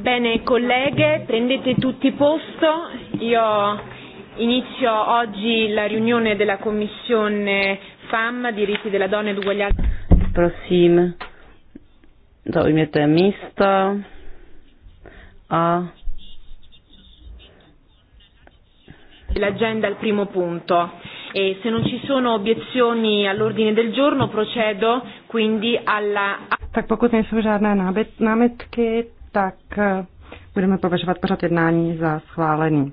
Bene, colleghe, prendete tutti posto. Io inizio oggi la riunione della Commissione FAM, diritti della donna ed uguaglianza. Prosím, zaujměte místa a l'agenda al primo punto e se non ci sono obiezioni all'ordine del giorno procedo quindi alla Tak pokud nejsou žádné námitky, tak eh, budeme považovat pořad jednání za schválený.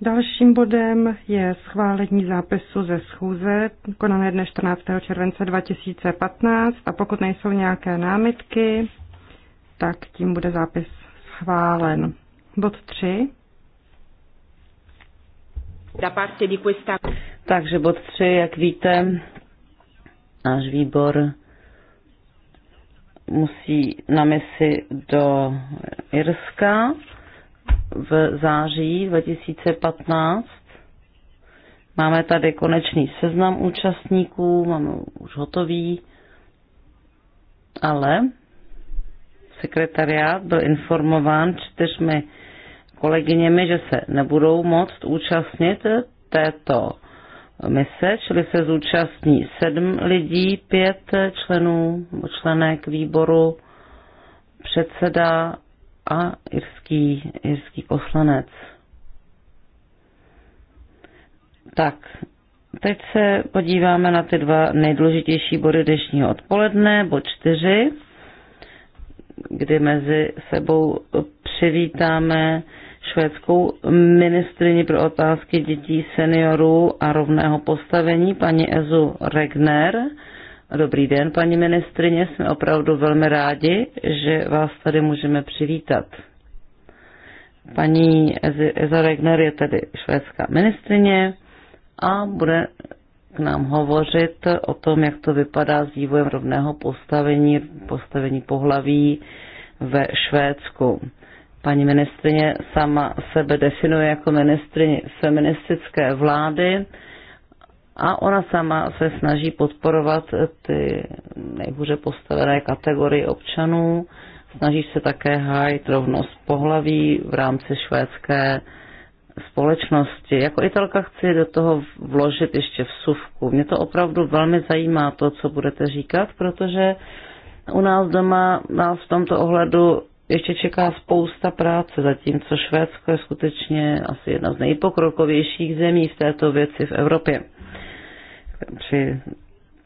Dalším bodem je schválení zápisu ze schůze konané dne 14. července 2015 a pokud nejsou nějaké námitky, tak tím bude zápis schválen. Bod 3. Takže bod 3, jak víte, náš výbor musí na misi do Irska v září 2015. Máme tady konečný seznam účastníků, máme už hotový, ale sekretariát byl informován čtyřmi kolegyněmi, že se nebudou moct účastnit této mise, čili se zúčastní sedm lidí, pět členů, členek výboru, předseda a irský, irský poslanec. Tak, teď se podíváme na ty dva nejdůležitější body dnešního odpoledne, bod čtyři, kdy mezi sebou přivítáme švédskou ministrině pro otázky dětí, seniorů a rovného postavení, paní Ezu Regner. Dobrý den, paní ministrině, jsme opravdu velmi rádi, že vás tady můžeme přivítat. Paní Eza Regner je tedy švédská ministrině a bude k nám hovořit o tom, jak to vypadá s vývojem rovného postavení, postavení pohlaví ve Švédsku. Paní ministrině sama sebe definuje jako ministrině feministické vlády a ona sama se snaží podporovat ty nejhůře postavené kategorie občanů. Snaží se také hájit rovnost pohlaví v rámci švédské společnosti. Jako italka chci do toho vložit ještě v suvku. Mě to opravdu velmi zajímá to, co budete říkat, protože u nás doma nás v tomto ohledu ještě čeká spousta práce, zatímco Švédsko je skutečně asi jedna z nejpokrokovějších zemí v této věci v Evropě. Při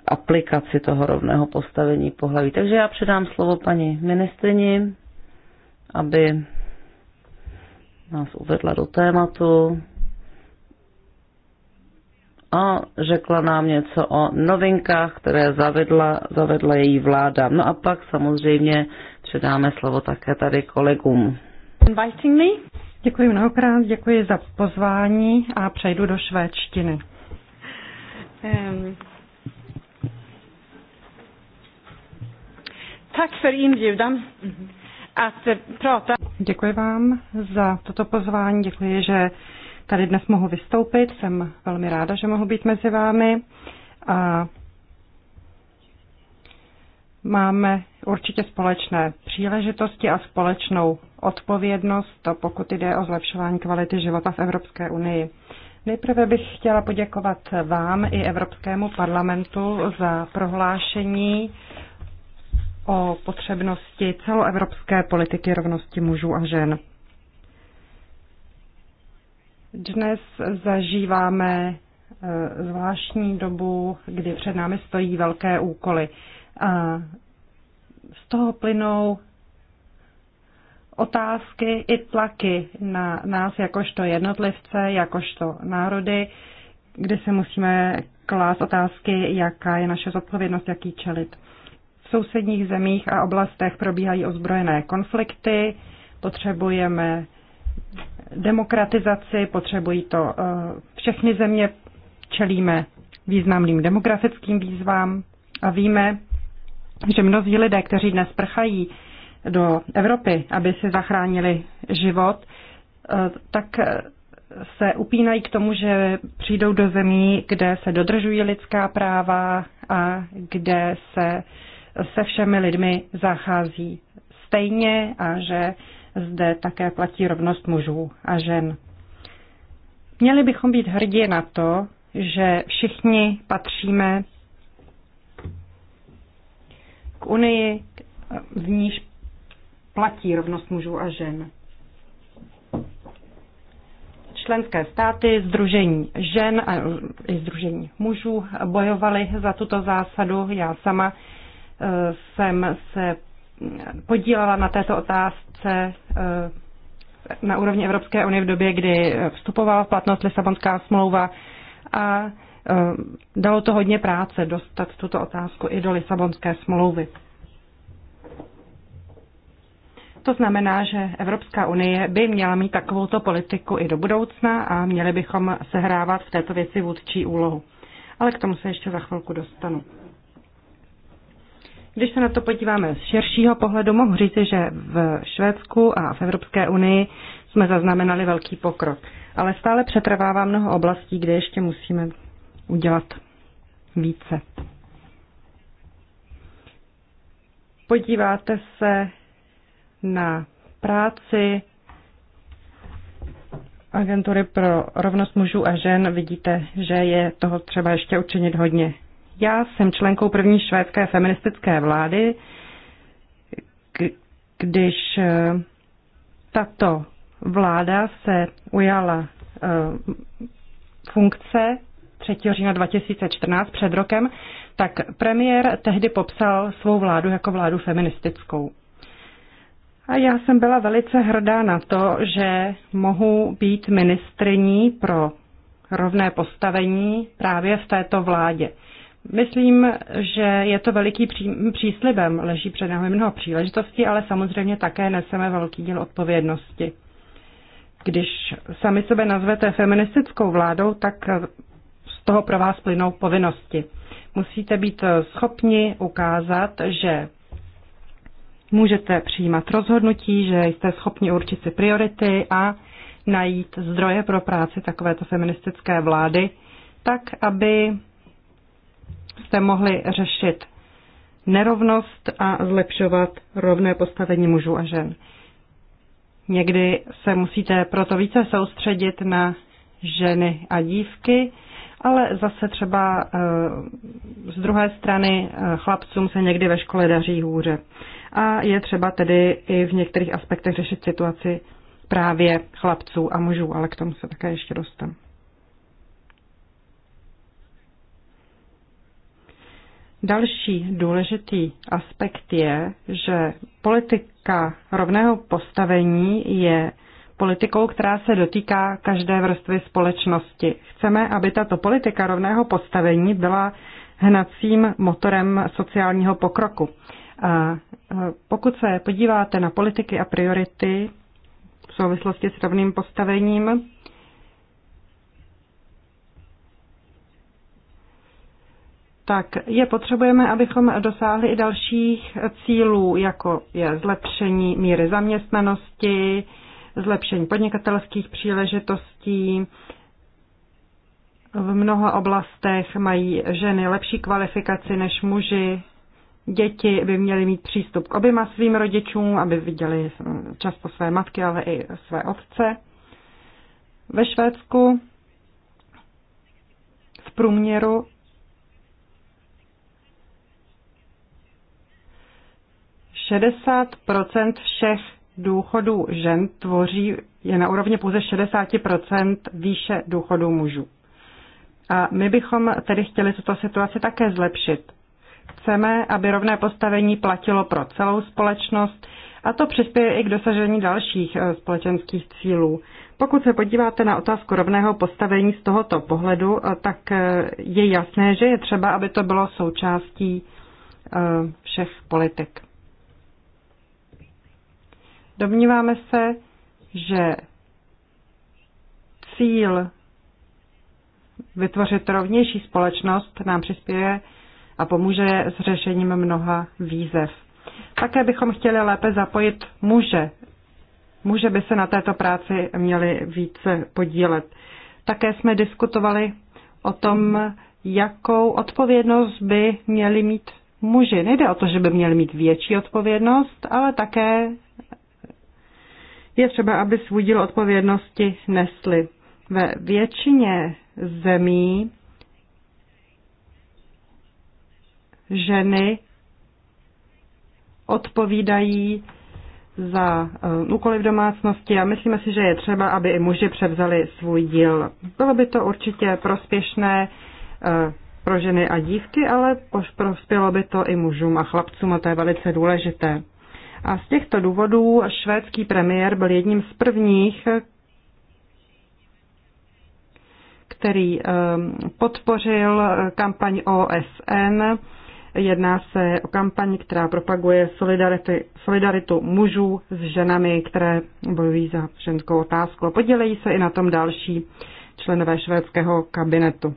aplikaci toho rovného postavení pohlaví. Takže já předám slovo paní ministrini, aby nás uvedla do tématu a řekla nám něco o novinkách, které zavedla, zavedla její vláda. No a pak samozřejmě předáme slovo také tady kolegům. Inviting me. Děkuji mnohokrát, děkuji za pozvání a přejdu do švédštiny. Um. Tack för inbjudan att eh, prata. Děkuji vám za toto pozvání, děkuji, že tady dnes mohu vystoupit. Jsem velmi ráda, že mohu být mezi vámi. A máme určitě společné příležitosti a společnou odpovědnost, pokud jde o zlepšování kvality života v Evropské unii. Nejprve bych chtěla poděkovat vám i Evropskému parlamentu za prohlášení o potřebnosti celoevropské politiky rovnosti mužů a žen. Dnes zažíváme eh, zvláštní dobu, kdy před námi stojí velké úkoly. A z toho plynou otázky i tlaky na nás jakožto jednotlivce, jakožto národy, kde se musíme klást otázky, jaká je naše zodpovědnost, jaký čelit. V sousedních zemích a oblastech probíhají ozbrojené konflikty, potřebujeme demokratizaci, potřebují to eh, všechny země, čelíme významným demografickým výzvám a víme, že mnozí lidé, kteří dnes prchají do Evropy, aby si zachránili život, eh, tak eh, se upínají k tomu, že přijdou do zemí, kde se dodržují lidská práva a kde se se všemi lidmi zachází stejně a že zde také platí rovnost mužů a žen. Měli bychom být hrdí na to, že všichni patříme k Unii, v níž platí rovnost mužů a žen. Členské státy, Združení žen a i Združení mužů bojovali za tuto zásadu. Já sama e, jsem se podílela na této otázce e, na úrovni Evropské unie v době, kdy vstupovala v platnost Lisabonská smlouva a Eh, dalo to hodně práce dostat tuto otázku i do Lisabonské smlouvy. To znamená, že Evropská unie by měla mít takovouto politiku i do budoucna a měli bychom sehrávat v této věci vůdčí úlohu. Ale k tomu se ještě za chvilku dostanu. Když se na to podíváme z širšího pohledu, mohu říci, že v Švédsku a v Evropské unii jsme zaznamenali velký pokrok. Ale stále přetrvává mnoho oblastí, kde ještě musíme udělat více. Podíváte se na práci agentury pro rovnost mužů a žen, vidíte, že je toho třeba ještě učinit hodně. Já jsem členkou první švédské feministické vlády, když eh, tato vláda se ujala eh, funkce, 3. října 2014 před rokem, tak premiér tehdy popsal svou vládu jako vládu feministickou. A já jsem byla velice hrdá na to, že mohu být ministriní pro rovné postavení právě v této vládě. Myslím, že je to veliký příslibem, leží před námi mnoho příležitostí, ale samozřejmě také neseme velký díl odpovědnosti. Když sami sebe nazvete feministickou vládou, tak toho pro vás plynou povinnosti. Musíte být schopni ukázat, že můžete přijímat rozhodnutí, že jste schopni určit si priority a najít zdroje pro práci takovéto feministické vlády, tak aby jste mohli řešit nerovnost a zlepšovat rovné postavení mužů a žen. Někdy se musíte proto více soustředit na ženy a dívky, ale zase třeba eh, z druhé strany eh, chlapcům se někdy ve škole daří hůře. A je třeba tedy i v některých aspektech řešit situaci právě chlapců a mužů, ale k tomu se také ještě dostanu. Další důležitý aspekt je, že politika rovného postavení je politikou, která se dotýká každé vrstvy společnosti. Chceme, aby tato politika rovného postavení byla hnacím motorem sociálního pokroku. A pokud se podíváte na politiky a priority v souvislosti s rovným postavením, tak je potřebujeme, abychom dosáhli i dalších cílů, jako je zlepšení míry zaměstnanosti, zlepšení podnikatelských příležitostí. V mnoha oblastech mají ženy lepší kvalifikaci než muži. Děti by měly mít přístup k oběma svým rodičům, aby viděli často své matky, ale i své otce. Ve Švédsku v průměru procent všech důchodů žen tvoří je na úrovni pouze 60% výše důchodů mužů. A my bychom tedy chtěli tuto situaci také zlepšit. Chceme, aby rovné postavení platilo pro celou společnost a to přispěje i k dosažení dalších eh, společenských cílů. Pokud se podíváte na otázku rovného postavení z tohoto pohledu, eh, tak eh, je jasné, že je třeba, aby to bylo součástí všech politik. Domníváme se, že cíl vytvořit rovnější společnost nám přispěje a pomůže s řešením mnoha výzev. Také bychom chtěli lépe zapojit muže. Muže by se na této práci měli více podílet. Také jsme diskutovali o tom, jakou odpovědnost by měli mít muži. Nejde o to, že by měli mít větší odpovědnost, ale také je třeba, aby svůj díl odpovědnosti nesly. Ve většině zemí ženy odpovídají za eh, úkoly v domácnosti a myslíme si, že je třeba, aby i muži převzali svůj díl. Bylo by to určitě prospěšné eh, pro ženy a dívky, ale prospělo by to i mužům a chlapcům a to je velice důležité. A z těchto důvodů švédský premiér byl jedním z prvních, který eh, podpořil eh, kampaň OSN. Jedná se o kampaň, která propaguje solidaritu mužů s ženami, které bojují za ženskou otázku. Podělejí se i na tom další členové švédského kabinetu.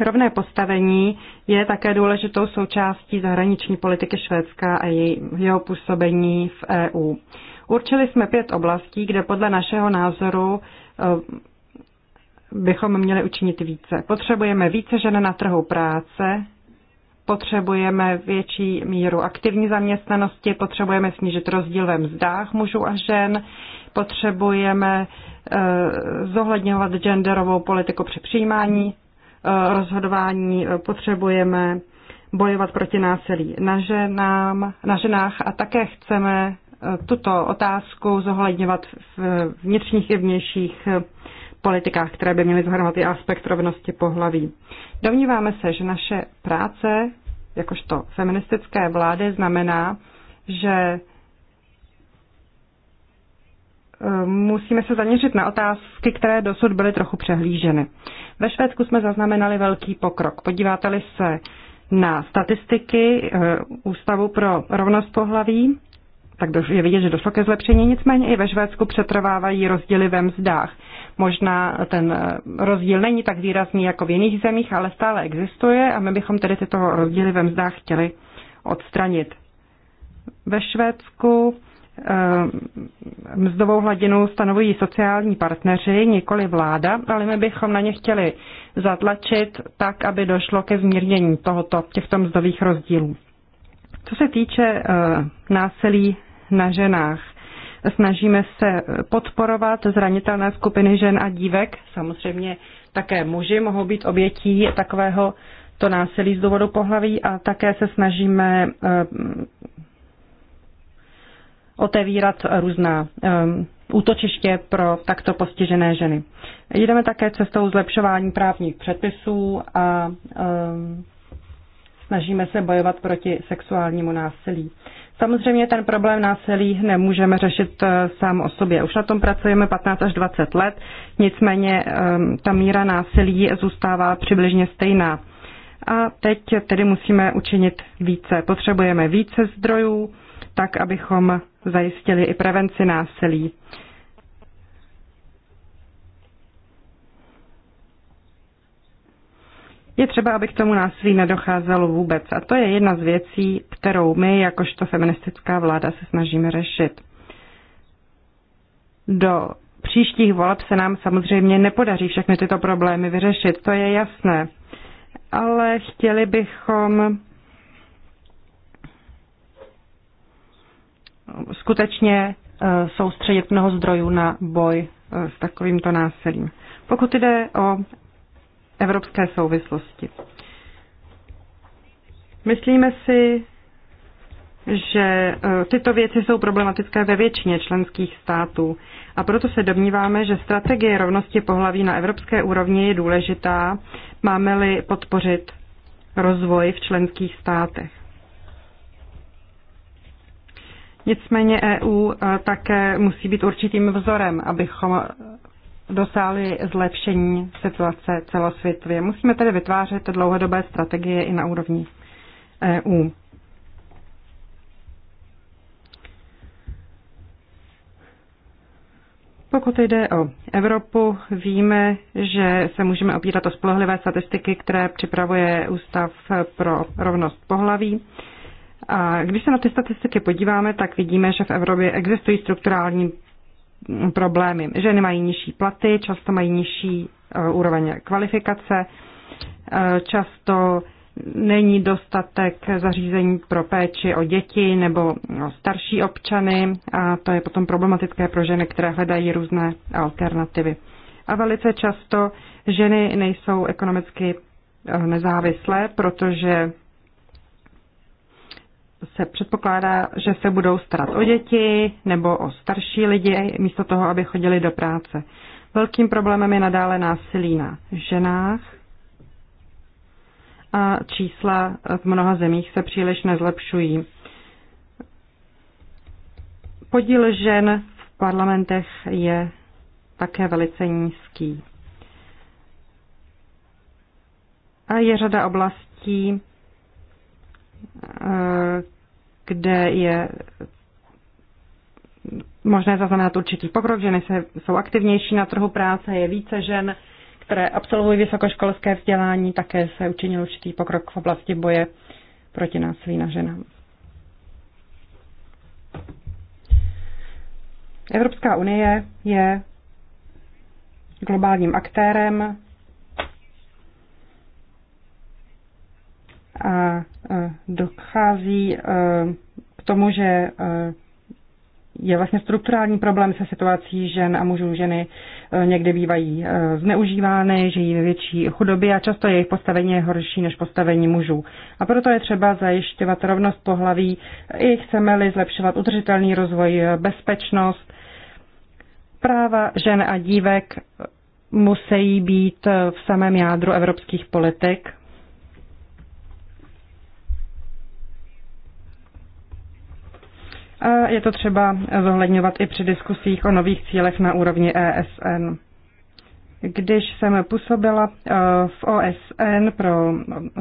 Rovné postavení je také důležitou součástí zahraniční politiky Švédska a jeho působení v EU. Určili jsme pět oblastí, kde podle našeho názoru eh, bychom měli učinit více. Potřebujeme více žen na trhu práce, potřebujeme větší míru aktivní zaměstnanosti, potřebujeme snížit rozdíl ve mzdách mužů a žen, potřebujeme eh, zohledňovat genderovou politiku při přijímání rozhodování eh, potřebujeme bojovat proti násilí na, ženám, na ženách a také chceme eh, tuto otázku zohledňovat v vnitřních i vnějších eh, politikách, které by měly zahrnovat i aspekt rovnosti pohlaví. Domníváme se, že naše práce, jakožto feministické vlády, znamená, že musíme se zaměřit na otázky, které dosud byly trochu přehlíženy. Ve Švédsku jsme zaznamenali velký pokrok. Podíváte-li se na statistiky eh, Ústavu pro rovnost pohlaví, tak je vidět, že došlo ke zlepšení, nicméně i ve Švédsku přetrvávají rozdíly ve mzdách. Možná ten eh, rozdíl není tak výrazný jako v jiných zemích, ale stále existuje a my bychom tedy tyto rozdíly ve mzdách chtěli odstranit. Ve Švédsku Eh, mzdovou hladinu stanovují sociální partneři, nikoli vláda, ale my bychom na ně chtěli zatlačit tak, aby došlo ke zmírnění tohoto, těchto mzdových rozdílů. Co se týče eh, násilí na ženách, snažíme se podporovat zranitelné skupiny žen a dívek. Samozřejmě také muži mohou být obětí takového to násilí z důvodu pohlaví a také se snažíme eh, otevírat různá ehm, útočiště pro takto postižené ženy. Jdeme také cestou zlepšování právních předpisů a ehm, snažíme se bojovat proti sexuálnímu násilí. Samozřejmě ten problém násilí nemůžeme řešit eh, sám o sobě. Už na tom pracujeme 15 až 20 let, nicméně ehm, ta míra násilí zůstává přibližně stejná. A teď tedy musíme učinit více. Potřebujeme více zdrojů, tak abychom zajistili i prevenci násilí. Je třeba, aby k tomu násilí nedocházelo vůbec. A to je jedna z věcí, kterou my, jakožto feministická vláda, se snažíme řešit. Do příštích voleb se nám samozřejmě nepodaří všechny tyto problémy vyřešit, to je jasné. Ale chtěli bychom skutečně eh, soustředit mnoho zdrojů na boj eh, s takovýmto násilím. Pokud jde o evropské souvislosti. Myslíme si, že eh, tyto věci jsou problematické ve většině členských států a proto se domníváme, že strategie rovnosti pohlaví na evropské úrovni je důležitá, máme-li podpořit rozvoj v členských státech. Nicméně EU e, také musí být určitým vzorem, abychom dosáhli zlepšení situace celosvětově. Musíme tedy vytvářet dlouhodobé strategie i na úrovni EU. Pokud jde o Evropu, víme, že se můžeme opírat o spolehlivé statistiky, které připravuje Ústav pro rovnost pohlaví. A když se na ty statistiky podíváme, tak vidíme, že v Evropě existují strukturální problémy. Ženy mají nižší platy, často mají nižší e, úroveň kvalifikace, e, často není dostatek zařízení pro péči o děti nebo no, starší občany a to je potom problematické pro ženy, které hledají různé alternativy. A velice často ženy nejsou ekonomicky e, nezávislé, protože se předpokládá, že se budou starat o děti nebo o starší lidi, místo toho, aby chodili do práce. Velkým problémem je nadále násilí na ženách a čísla v mnoha zemích se příliš nezlepšují. Podíl žen v parlamentech je také velice nízký. A je řada oblastí, kde je možné zaznamenat určitý pokrok. Ženy se, jsou aktivnější na trhu práce, je více žen, které absolvují vysokoškolské vzdělání, také se učinil určitý pokrok v oblasti boje proti násilí na ženám. Evropská unie je globálním aktérem a e, dochází e, k tomu, že e, je vlastně strukturální problém se situací žen a mužů. Ženy někdy bývají zneužívány, žijí ve větší chudobě a často jejich postavení je horší než postavení mužů. A proto je třeba zajišťovat rovnost pohlaví i chceme-li zlepšovat udržitelný rozvoj, bezpečnost. Práva žen a dívek musí být v samém jádru evropských politik A je to třeba zohledňovat i při diskusích o nových cílech na úrovni ESN. Když jsem působila eh, v OSN, pro,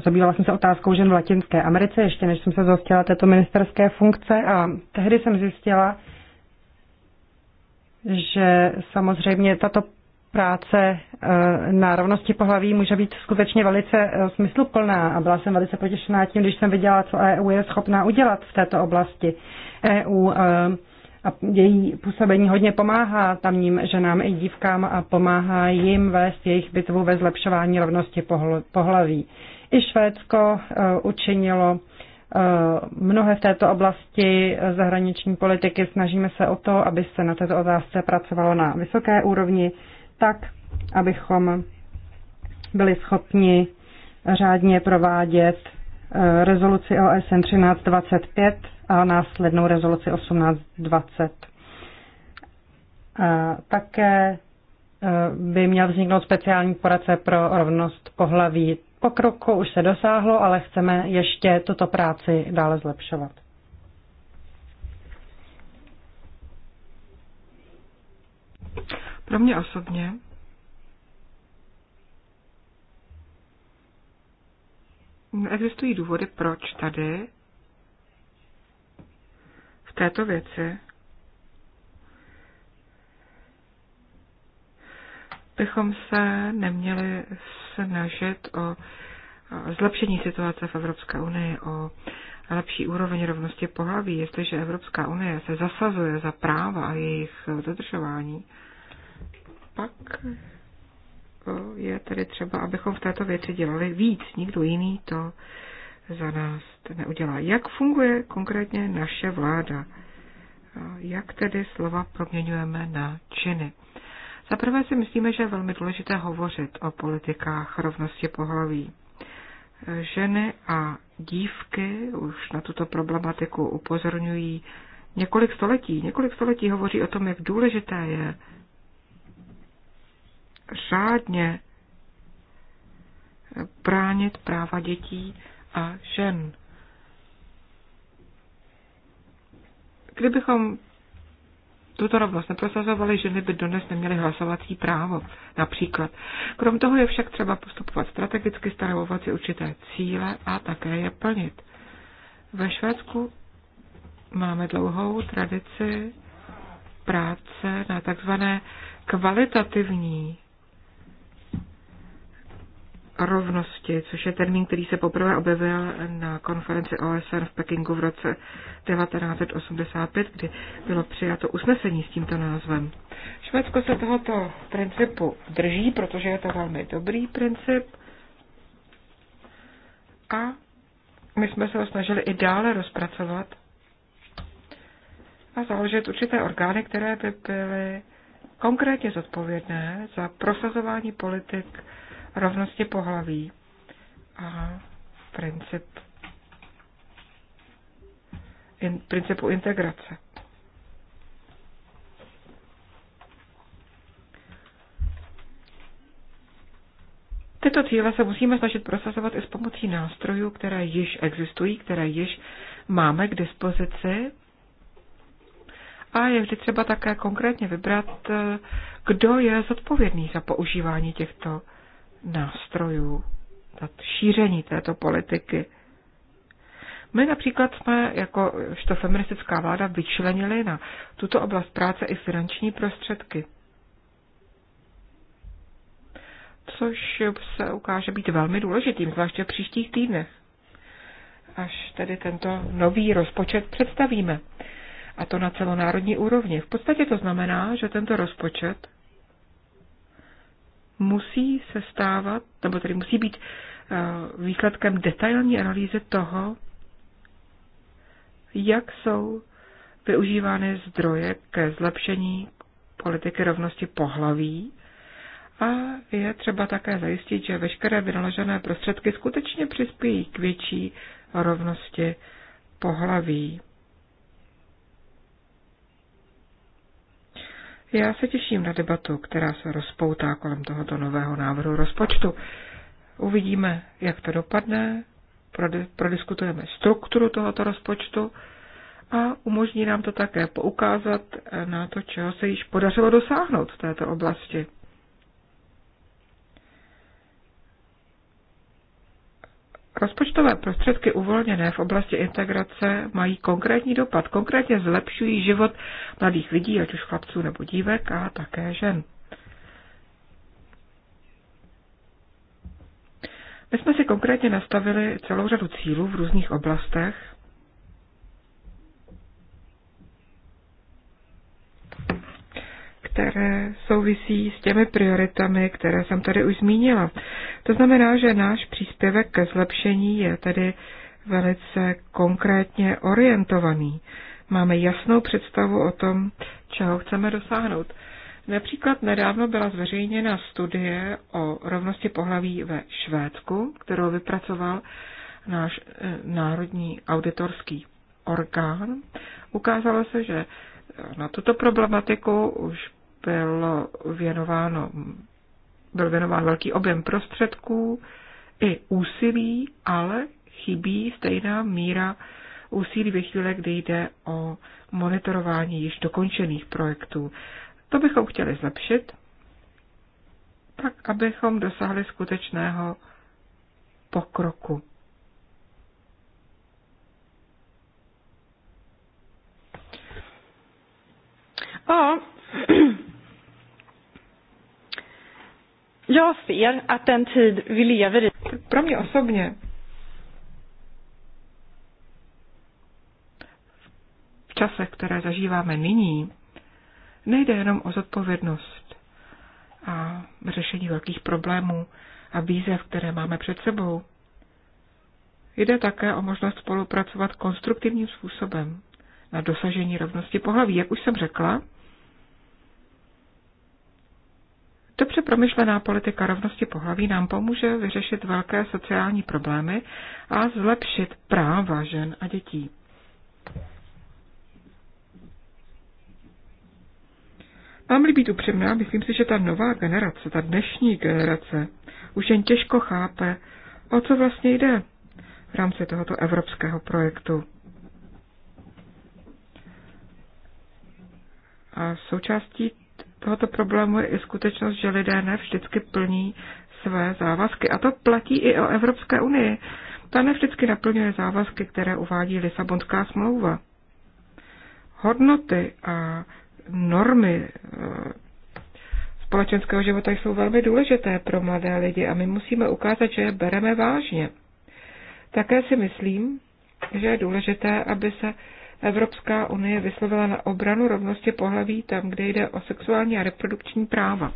zabývala jsem se otázkou žen v Latinské Americe, ještě než jsem se zhostila této ministerské funkce a tehdy jsem zjistila, že samozřejmě tato práce eh, na rovnosti pohlaví může být skutečně velice eh, smysluplná a byla jsem velice potěšená tím, když jsem viděla, co EU je schopná udělat v této oblasti. EU eh, a její působení hodně pomáhá tamním ženám i dívkám a pomáhá jim vést jejich bitvu ve zlepšování rovnosti pohlaví. I Švédsko učinilo mnohé v této oblasti zahraniční politiky. Snažíme se o to, aby se na této otázce pracovalo na vysoké úrovni tak, abychom byli schopni řádně provádět eh, rezoluci OSN 1325 a následnou rezoluci 1820. A eh, také eh, by měl vzniknout speciální poradce pro rovnost pohlaví. Pokroku už se dosáhlo, ale chceme ještě tuto práci dále zlepšovat. Pro mě osobně existují důvody, proč tady v této věci bychom se neměli snažit o zlepšení situace v Evropské unii, o lepší úroveň rovnosti pohlaví, jestliže Evropská unie se zasazuje za práva a jejich dodržování, pak je tedy třeba, abychom v této věci dělali víc. Nikdo jiný to za nás neudělá. Jak funguje konkrétně naše vláda? Jak tedy slova proměňujeme na činy? Za prvé si myslíme, že je velmi důležité hovořit o politikách rovnosti pohlaví. Ženy a dívky už na tuto problematiku upozorňují několik století. Několik století hovoří o tom, jak důležité je řádně bránit práva dětí a žen. Kdybychom tuto rovnost neprosazovali, ženy by dnes neměly hlasovací právo, například. Krom toho je však třeba postupovat strategicky, stanovovat si určité cíle a také je plnit. Ve Švédsku máme dlouhou tradici práce na takzvané kvalitativní rovnosti, což je termín, který se poprvé objevil na konferenci OSN v Pekingu v roce 1985, kdy bylo přijato usnesení s tímto názvem. Švédsko se tohoto principu drží, protože je to velmi dobrý princip a my jsme se ho snažili i dále rozpracovat a založit určité orgány, které by byly konkrétně zodpovědné za prosazování politik rovnosti pohlaví a princip, in, principu integrace. Tyto cíle se musíme snažit prosazovat i s pomocí nástrojů, které již existují, které již máme k dispozici. A je vždy třeba také konkrétně vybrat, eh, kdo je zodpovědný za používání těchto nástrojů na šíření této politiky. My například jsme jako to feministická vláda vyčlenili na tuto oblast práce i finanční prostředky. Což se ukáže být velmi důležitým, zvláště v příštích týdnech, až tedy tento nový rozpočet představíme. A to na celonárodní úrovni. V podstatě to znamená, že tento rozpočet musí se stávat, nebo tedy musí být eh, výsledkem detailní analýzy toho, jak jsou využívány zdroje ke zlepšení politiky rovnosti pohlaví a je třeba také zajistit, že veškeré vynaložené prostředky skutečně přispějí k větší rovnosti pohlaví. Já se těším na debatu, která se rozpoutá kolem tohoto nového návrhu rozpočtu. Uvidíme, jak to dopadne, prodiskutujeme strukturu tohoto rozpočtu a umožní nám to také poukázat na to, čeho se již podařilo dosáhnout v této oblasti. Rozpočtové prostředky uvolněné v oblasti integrace mají konkrétní dopad. Konkrétně zlepšují život mladých lidí, ať už chlapců nebo dívek, a také žen. My jsme si konkrétně nastavili celou řadu cílů v různých oblastech které souvisí s těmi prioritami, které jsem tady už zmínila. To znamená, že náš příspěvek ke zlepšení je tedy velice konkrétně orientovaný. Máme jasnou představu o tom, čeho chceme dosáhnout. Například nedávno byla zveřejněna studie o rovnosti pohlaví ve Švédsku, kterou vypracoval náš eh, národní auditorský orgán. Ukázalo se, že na tuto problematiku už bylo věnováno, byl věnován velký objem prostředků i úsilí, ale chybí stejná míra úsilí ve chvíli, kdy jde o monitorování již dokončených projektů. To bychom chtěli zlepšit, tak abychom dosáhli skutečného pokroku. A Já ser att den tid vi lever i... Pro mě osobně v čase, které zažíváme nyní, nejde jenom o zodpovědnost a řešení velkých problémů a výzev, které máme před sebou. Jde také o možnost spolupracovat konstruktivním způsobem na dosažení rovnosti pohlaví. Jak už jsem řekla, Dobře promyšlená politika rovnosti pohlaví nám pomůže vyřešit velké sociální problémy a zlepšit práva žen a dětí. Mám-li být upřímná, myslím si, že ta nová generace, ta dnešní generace, už jen těžko chápe, o co vlastně jde v rámci tohoto evropského projektu. A součástí tohoto problému je i skutečnost, že lidé ne vždycky plní své závazky. A to platí i o Evropské unii. Ta ne vždycky naplňuje závazky, které uvádí Lisabonská smlouva. Hodnoty a normy eh, společenského života jsou velmi důležité pro mladé lidi a my musíme ukázat, že je bereme vážně. Také si myslím, že je důležité, aby se Evropská unie vyslovila na obranu rovnosti pohlaví tam, kde jde o sexuální a reprodukční práva.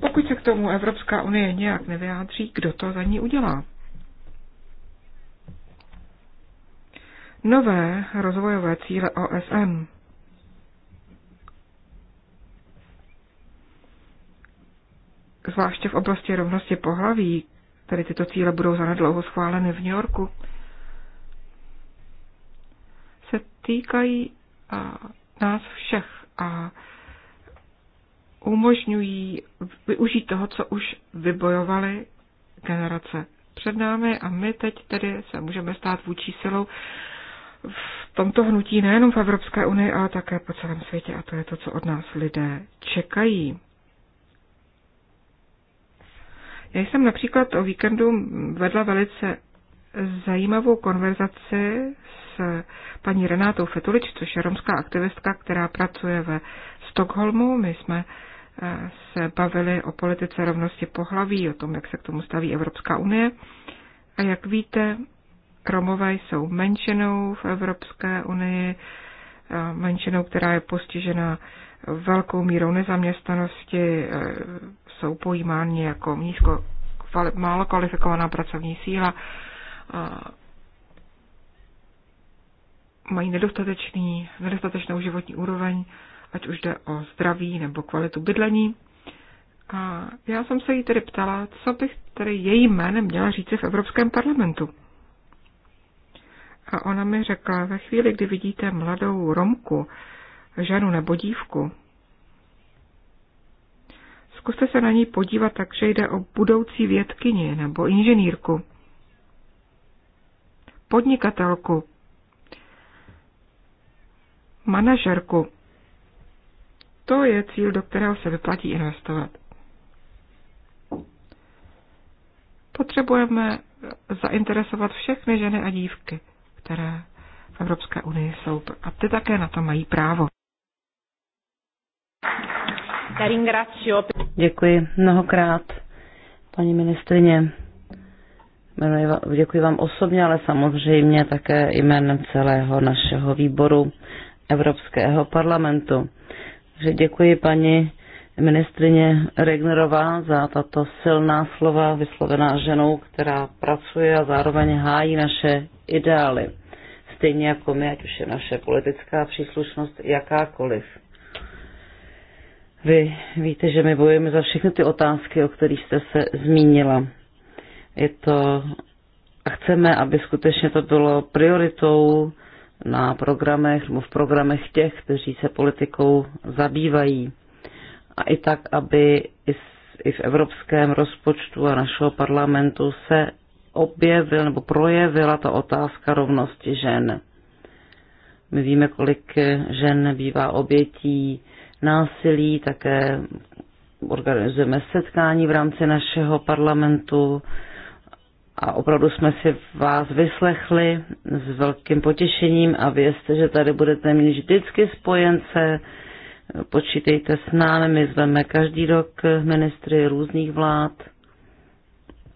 Pokud se k tomu Evropská unie nějak nevyjádří, kdo to za ní udělá? Nové rozvojové cíle OSN zvláště v oblasti rovnosti pohlaví, Tady tyto cíle budou zanedlouho schváleny v New Yorku, týkají nás všech a umožňují využít toho, co už vybojovaly generace před námi a my teď tedy se můžeme stát vůči silou v tomto hnutí nejenom v Evropské unii, ale také po celém světě a to je to, co od nás lidé čekají. Já jsem například o víkendu vedla velice zajímavou konverzaci s paní Renátou Fetulič, což je romská aktivistka, která pracuje ve Stockholmu. My jsme eh, se bavili o politice rovnosti pohlaví, o tom, jak se k tomu staví Evropská unie. A jak víte, Romové jsou menšinou v Evropské unii, eh, menšinou, která je postižena velkou mírou nezaměstnanosti, eh, jsou pojímáni jako nízko, málo kvalifikovaná pracovní síla mají nedostatečný, nedostatečnou životní úroveň, ať už jde o zdraví nebo kvalitu bydlení. A já jsem se jí tedy ptala, co bych tedy její jménem měla říci v Evropském parlamentu. A ona mi řekla, ve chvíli, kdy vidíte mladou Romku, ženu nebo dívku, zkuste se na ní podívat tak, že jde o budoucí vědkyni nebo inženýrku podnikatelku, manažerku. To je cíl, do kterého se vyplatí investovat. Potřebujeme zainteresovat všechny ženy a dívky, které v Evropské unii jsou a ty také na to mají právo. Děkuji mnohokrát, paní ministrině. Jmenuji, děkuji vám osobně, ale samozřejmě také jménem celého našeho výboru Evropského parlamentu. Takže děkuji paní ministrině Regnerová za tato silná slova vyslovená ženou, která pracuje a zároveň hájí naše ideály. Stejně jako my, ať už je naše politická příslušnost jakákoliv. Vy víte, že my bojujeme za všechny ty otázky, o kterých jste se zmínila. Je to, a chceme, aby skutečně to bylo prioritou na programech nebo v programech těch, kteří se politikou zabývají. A i tak, aby i v evropském rozpočtu a našeho parlamentu se objevil nebo projevila ta otázka rovnosti žen. My víme, kolik žen bývá obětí násilí, také organizujeme setkání v rámci našeho parlamentu, a opravdu jsme si vás vyslechli s velkým potěšením a vězte, že tady budete mít vždycky spojence. Počítejte s námi, my zveme každý rok ministry různých vlád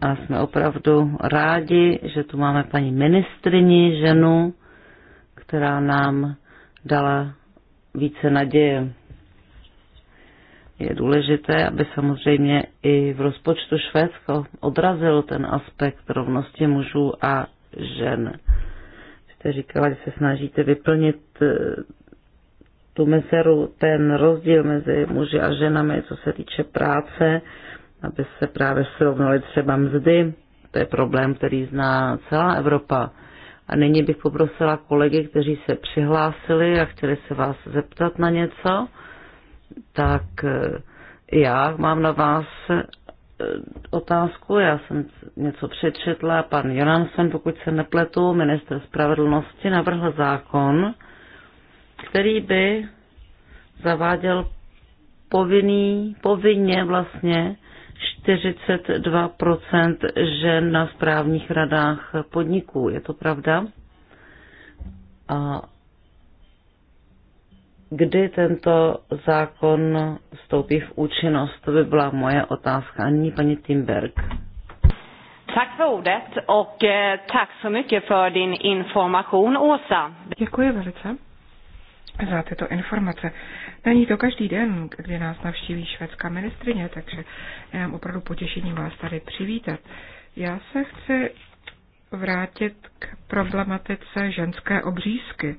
a jsme opravdu rádi, že tu máme paní ministrini, ženu, která nám dala více naděje je důležité, aby samozřejmě i v rozpočtu Švédsko odrazil ten aspekt rovnosti mužů a žen. Jste říkala, že se snažíte vyplnit eh, tu meseru, ten rozdíl mezi muži a ženami, co se týče práce, aby se právě srovnaly třeba mzdy. To je problém, který zná celá Evropa. A nyní bych poprosila kolegy, kteří se přihlásili a chtěli se vás zeptat na něco tak eh, já mám na vás eh, otázku. Já jsem něco přečetla. Pan Jonansen, pokud se nepletu, minister spravedlnosti, navrhl zákon, který by zaváděl povinný, povinně vlastně 42% žen na správních radách podniků. Je to pravda? A kdy tento zákon vstoupí v účinnost? To by byla moje otázka. Ani paní Timberg. Tak för ordet och eh, tack så mycket för din information, Åsa. Děkuji velice za tyto informace. Není to každý den, kdy nás navštíví švédská ministrině, takže já mám opravdu potěšení vás tady přivítat. Já se chci vrátit k problematice ženské obřízky.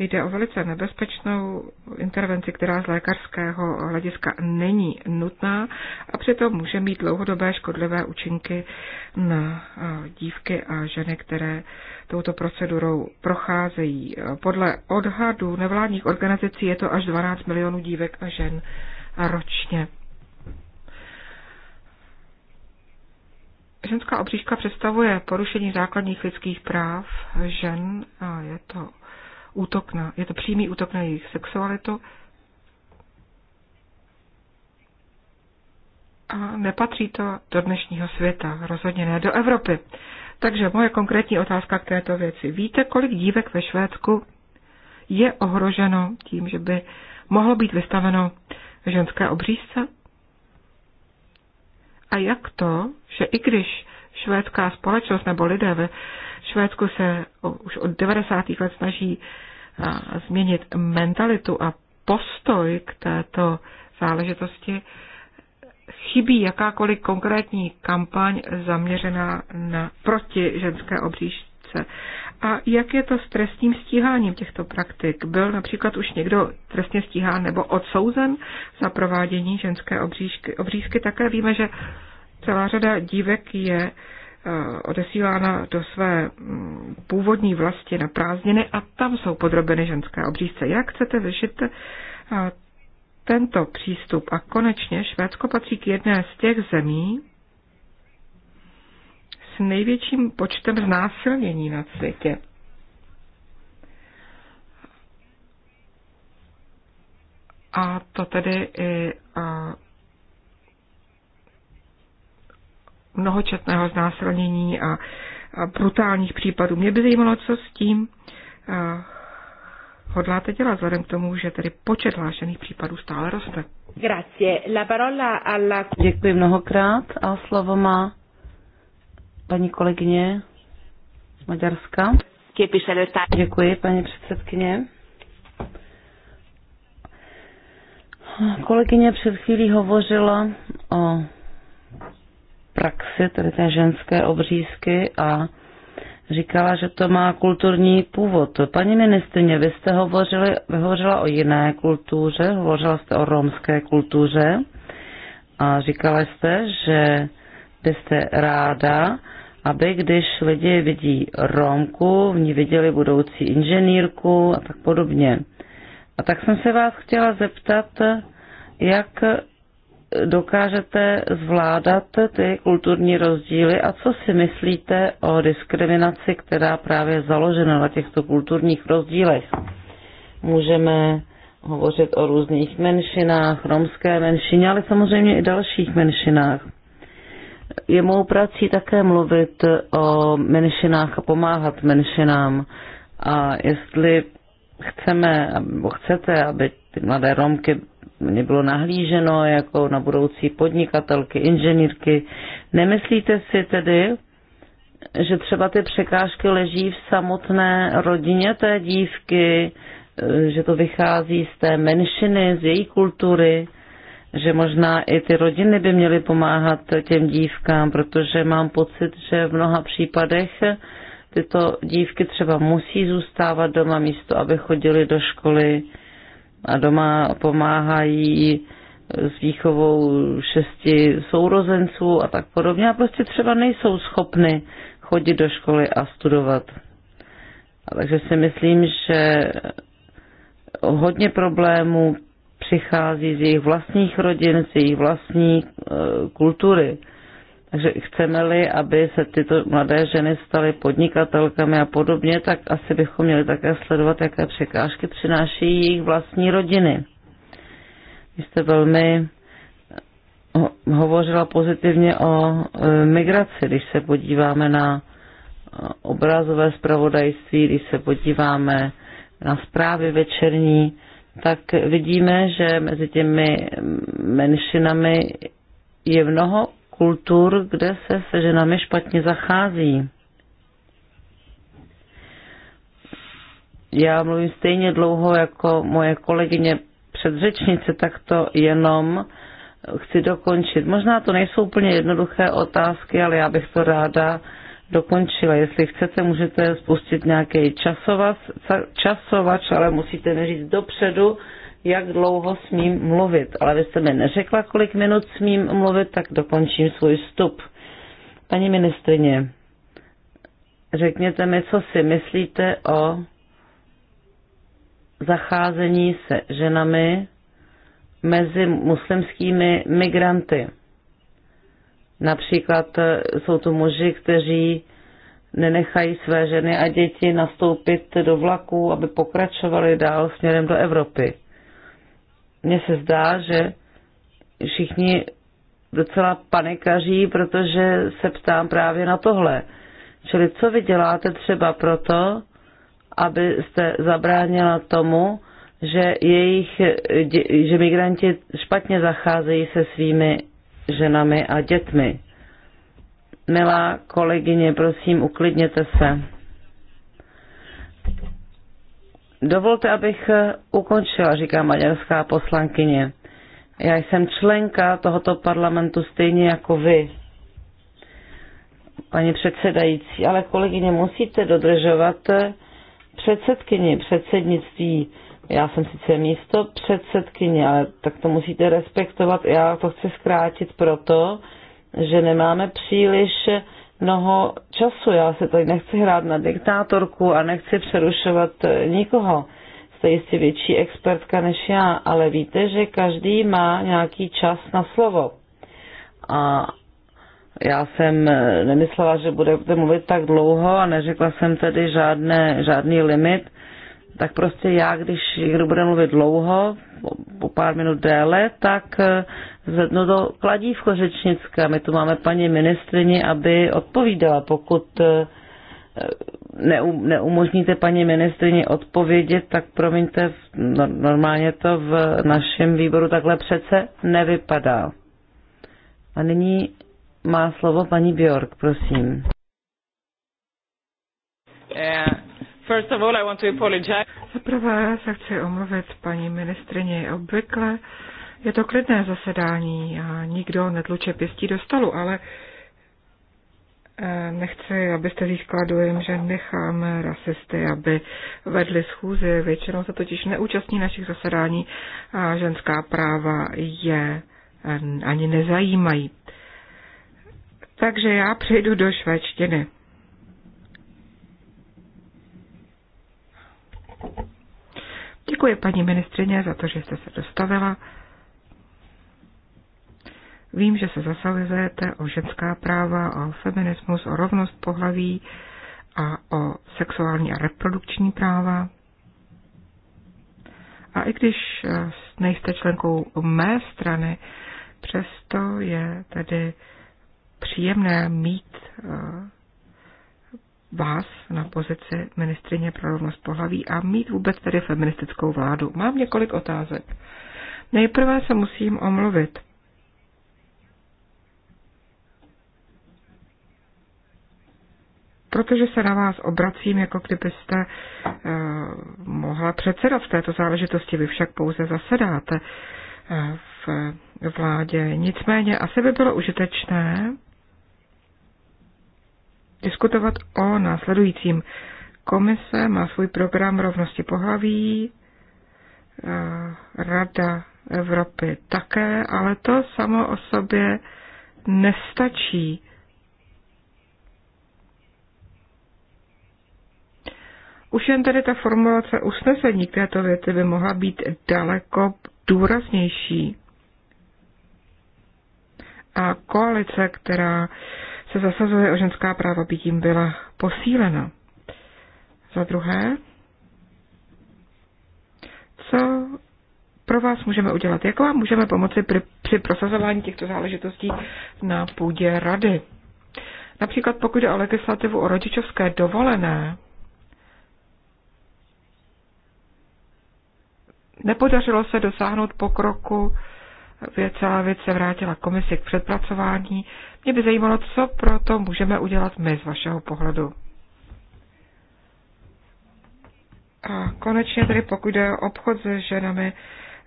Jde o velice nebezpečnou intervenci, která z lékařského hlediska není nutná a přitom může mít dlouhodobé škodlivé účinky na eh, dívky a ženy, které touto procedurou procházejí. Podle odhadů nevládních organizací je to až 12 milionů dívek a žen ročně. Ženská obřížka představuje porušení základních lidských práv žen a je to útok na, je to přímý útok na jejich sexualitu a nepatří to do dnešního světa, rozhodně ne do Evropy. Takže moje konkrétní otázka k této věci. Víte, kolik dívek ve Švédsku je ohroženo tím, že by mohlo být vystaveno ženské obřízce? A jak to, že i když švédská společnost nebo lidé ve Švédsko se už od 90. let snaží změnit mentalitu a postoj k této záležitosti. Chybí jakákoliv konkrétní kampaň zaměřená na proti ženské obřížce. A jak je to s trestním stíháním těchto praktik? Byl například už někdo trestně stíhán nebo odsouzen za provádění ženské obřížky? Obřízky také víme, že celá řada dívek je Eh, odesílána do své mm, původní vlasti na prázdniny a tam jsou podrobeny ženské obřízce. Jak chcete vyšit eh, tento přístup? A konečně Švédsko patří k jedné z těch zemí s největším počtem znásilnění na světě. A to tedy i mnohočetného znásilnění a, a brutálních případů. Mě by zajímalo, co s tím a, hodláte dělat, vzhledem k tomu, že tedy počet hlášených případů stále roste. Děkuji mnohokrát a slovo má paní kolegyně z Maďarska. Děkuji, paní předsedkyně. Kolegyně před chvílí hovořila o praxi, tedy té ženské obřízky a říkala, že to má kulturní původ. Paní ministrině, vy jste hovořili, hovořila o jiné kultuře, hovořila jste o romské kultuře a říkala jste, že byste ráda, aby když lidi vidí Romku, v ní viděli budoucí inženýrku a tak podobně. A tak jsem se vás chtěla zeptat, jak dokážete zvládat ty kulturní rozdíly a co si myslíte o diskriminaci, která právě je založena na těchto kulturních rozdílech. Můžeme hovořit o různých menšinách, romské menšině, ale samozřejmě i dalších menšinách. Je mou prací také mluvit o menšinách a pomáhat menšinám. A jestli chceme, nebo chcete, aby ty mladé Romky na bylo nahlíženo jako na budoucí podnikatelky, inženýrky. Nemyslíte si tedy, že třeba ty překážky leží v samotné rodině té dívky, eh, že to vychází z té menšiny, z její kultury, že možná i ty rodiny by měly pomáhat těm dívkám, protože mám pocit, že v mnoha případech tyto dívky třeba musí zůstávat doma místo, aby chodili do školy a doma pomáhají s výchovou šesti sourozenců a tak podobně a prostě třeba nejsou schopny chodit do školy a studovat. A takže si myslím, že hodně problémů přichází z jejich vlastních rodin, z jejich vlastní eh, kultury. Takže chceme-li, aby se tyto mladé ženy staly podnikatelkami a podobně, tak asi bychom měli také sledovat, jaké překážky přináší jejich vlastní rodiny. Vy jste velmi eh, hovořila pozitivně o eh, migraci, když se podíváme na eh, obrazové zpravodajství, když se podíváme na zprávy večerní, tak vidíme, že mezi těmi mm, menšinami je mnoho kultur, kde se se ženami špatně zachází. Já mluvím stejně dlouho jako moje kolegyně předřečnice, tak to jenom chci dokončit. Možná to nejsou úplně jednoduché otázky, ale já bych to ráda dokončila. Jestli chcete, můžete spustit nějaký časovač, časovač, ale musíte mi říct dopředu, jak dlouho smím mluvit, ale vy jste mi neřekla, kolik minut smím mluvit, tak dokončím svůj vstup. Paní ministrině, řekněte mi, co si myslíte o zacházení se ženami mezi muslimskými migranty. Například eh, jsou to muži, kteří nenechají své ženy a děti nastoupit do vlaku, aby pokračovali dál směrem do Evropy mně se zdá, že všichni docela panikaří, protože se ptám právě na tohle. Čili co vy děláte třeba proto, abyste zabránila tomu, že, jejich, že migranti špatně zacházejí se svými ženami a dětmi. Milá kolegyně, prosím, uklidněte se. Dovolte, abych eh, ukončila, říká maďarská poslankyně. Já jsem členka tohoto parlamentu stejně jako vy, paní předsedající, ale kolegyně, musíte dodržovat eh, předsedkyni, předsednictví. Já jsem sice místo předsedkyně, ale tak to musíte respektovat. Já to chci zkrátit proto, že nemáme příliš eh, mnoho času. Já se tady nechci hrát na diktátorku a nechci přerušovat nikoho. Jste jistě větší expertka než já, ale víte, že každý má nějaký čas na slovo. A já jsem nemyslela, že budete mluvit tak dlouho a neřekla jsem tedy žádné, žádný limit. Tak prostě já, když někdo bude mluvit dlouho, po pár minut déle, tak zvednuto no kladívko řečnické. My tu máme paní ministrině, aby odpovídala, pokud eh, neumožníte paní ministrině odpovědět, tak promiňte, no, normálně to v našem výboru takhle přece nevypadá. A nyní má slovo paní Bjork, prosím. Eh, first of all, I want to apologize. Za prvé se chci omluvit paní ministrině obvykle. Je to klidné zasedání a nikdo netluče pěstí do stolu, ale eh, nechci, abyste získala dojem, že necháme rasisty, aby vedli schůzi. Většinou se totiž neúčastní našich zasedání a ženská práva je eh, ani nezajímají. Takže já přejdu do švédštiny. Děkuji paní ministrině za to, že jste se dostavila. Vím, že se zasazujete o ženská práva, o feminismus, o rovnost pohlaví a o sexuální a reprodukční práva. A i když eh, nejste členkou mé strany, přesto je tedy příjemné mít eh, vás na pozici ministrině pro rovnost pohlaví a mít vůbec tedy feministickou vládu. Mám několik otázek. Nejprve se musím omluvit, protože se na vás obracím, jako kdybyste eh, mohla předsedat v této záležitosti. Vy však pouze zasedáte eh, v vládě. Nicméně asi by bylo užitečné diskutovat o následujícím. Komise má svůj program rovnosti pohlaví, eh, Rada Evropy také, ale to samo o sobě nestačí. Už jen tedy ta formulace usnesení k této věci by mohla být daleko důraznější. A koalice, která se zasazuje o ženská práva, by tím byla posílena. Za druhé, co pro vás můžeme udělat? Jak vám můžeme pomoci při, při prosazování těchto záležitostí na půdě rady? Například pokud jde o legislativu o rodičovské dovolené, Nepodařilo se dosáhnout pokroku, věc, celá věc se vrátila komisi k předpracování. Mě by zajímalo, co pro to můžeme udělat my z vašeho pohledu. A konečně tedy pokud jde o obchod se ženami,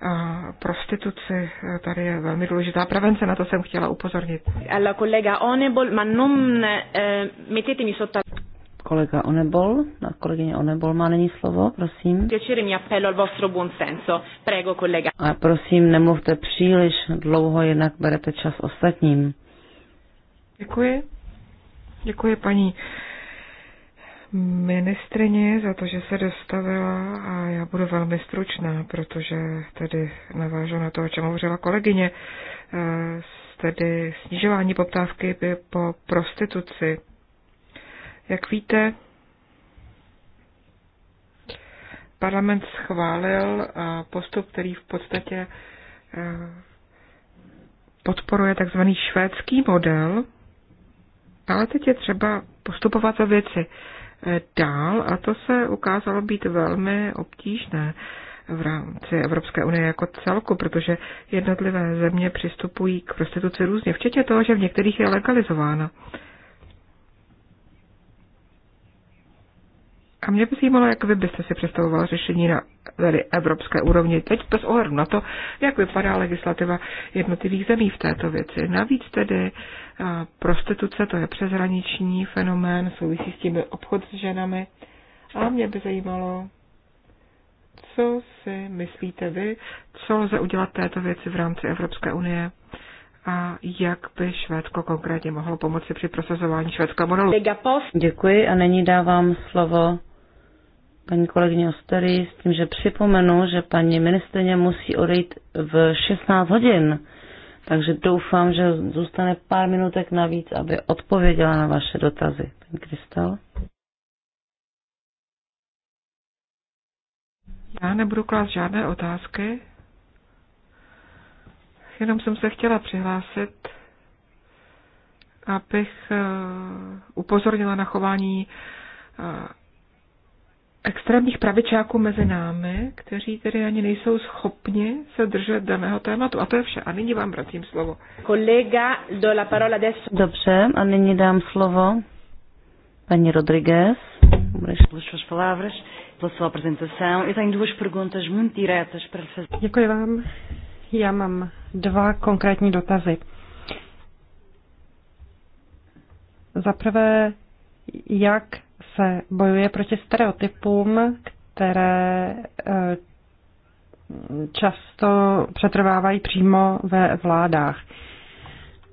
a prostituci, tady je velmi důležitá prevence, na to jsem chtěla upozornit. Alla collega Onebol, ma non eh, mettetemi sotto kolega Onebol, kolegyně Onebol má není slovo, prosím. A prosím, nemluvte příliš dlouho, jinak berete čas ostatním. Děkuji. Děkuji paní ministrině za to, že se dostavila a já budu velmi stručná, protože tady navážu na to, o čem hovořila kolegyně. Eh, tedy snižování poptávky po prostituci jak víte, parlament schválil eh, postup, který v podstatě eh, podporuje takzvaný švédský model, ale teď je třeba postupovat ve věci eh, dál a to se ukázalo být velmi obtížné v rámci Evropské unie jako celku, protože jednotlivé země přistupují k prostituci různě, včetně toho, že v některých je legalizována. A mě by zajímalo, jak vy byste si představoval řešení na tady evropské úrovni, teď bez ohledu na to, jak vypadá legislativa jednotlivých zemí v této věci. Navíc tedy eh, prostituce, to je přeshraniční fenomén, souvisí s tím obchod s ženami. A mě by zajímalo, co si myslíte vy, co lze udělat této věci v rámci Evropské unie a jak by Švédsko konkrétně mohlo pomoci při prosazování švédského modelu. Děkuji a nyní dávám slovo paní kolegyně Ostery s tím, že připomenu, že paní ministrině musí odejít v 16 hodin. Takže doufám, že zůstane pár minutek navíc, aby odpověděla na vaše dotazy. Paní Kristal? Já nebudu klást žádné otázky. Jenom jsem se chtěla přihlásit, abych eh, upozornila na chování eh, extrémních pravičáků mezi námi, kteří tedy ani nejsou schopni se držet daného tématu. A to je vše. A nyní vám vracím slovo. Kolega, do la parola adesso. Dobře, a nyní dám slovo paní Rodriguez. palavras, Děkuji vám. Já mám dva konkrétní dotazy. Za prvé, jak se bojuje proti stereotypům, které eh, často přetrvávají přímo ve vládách.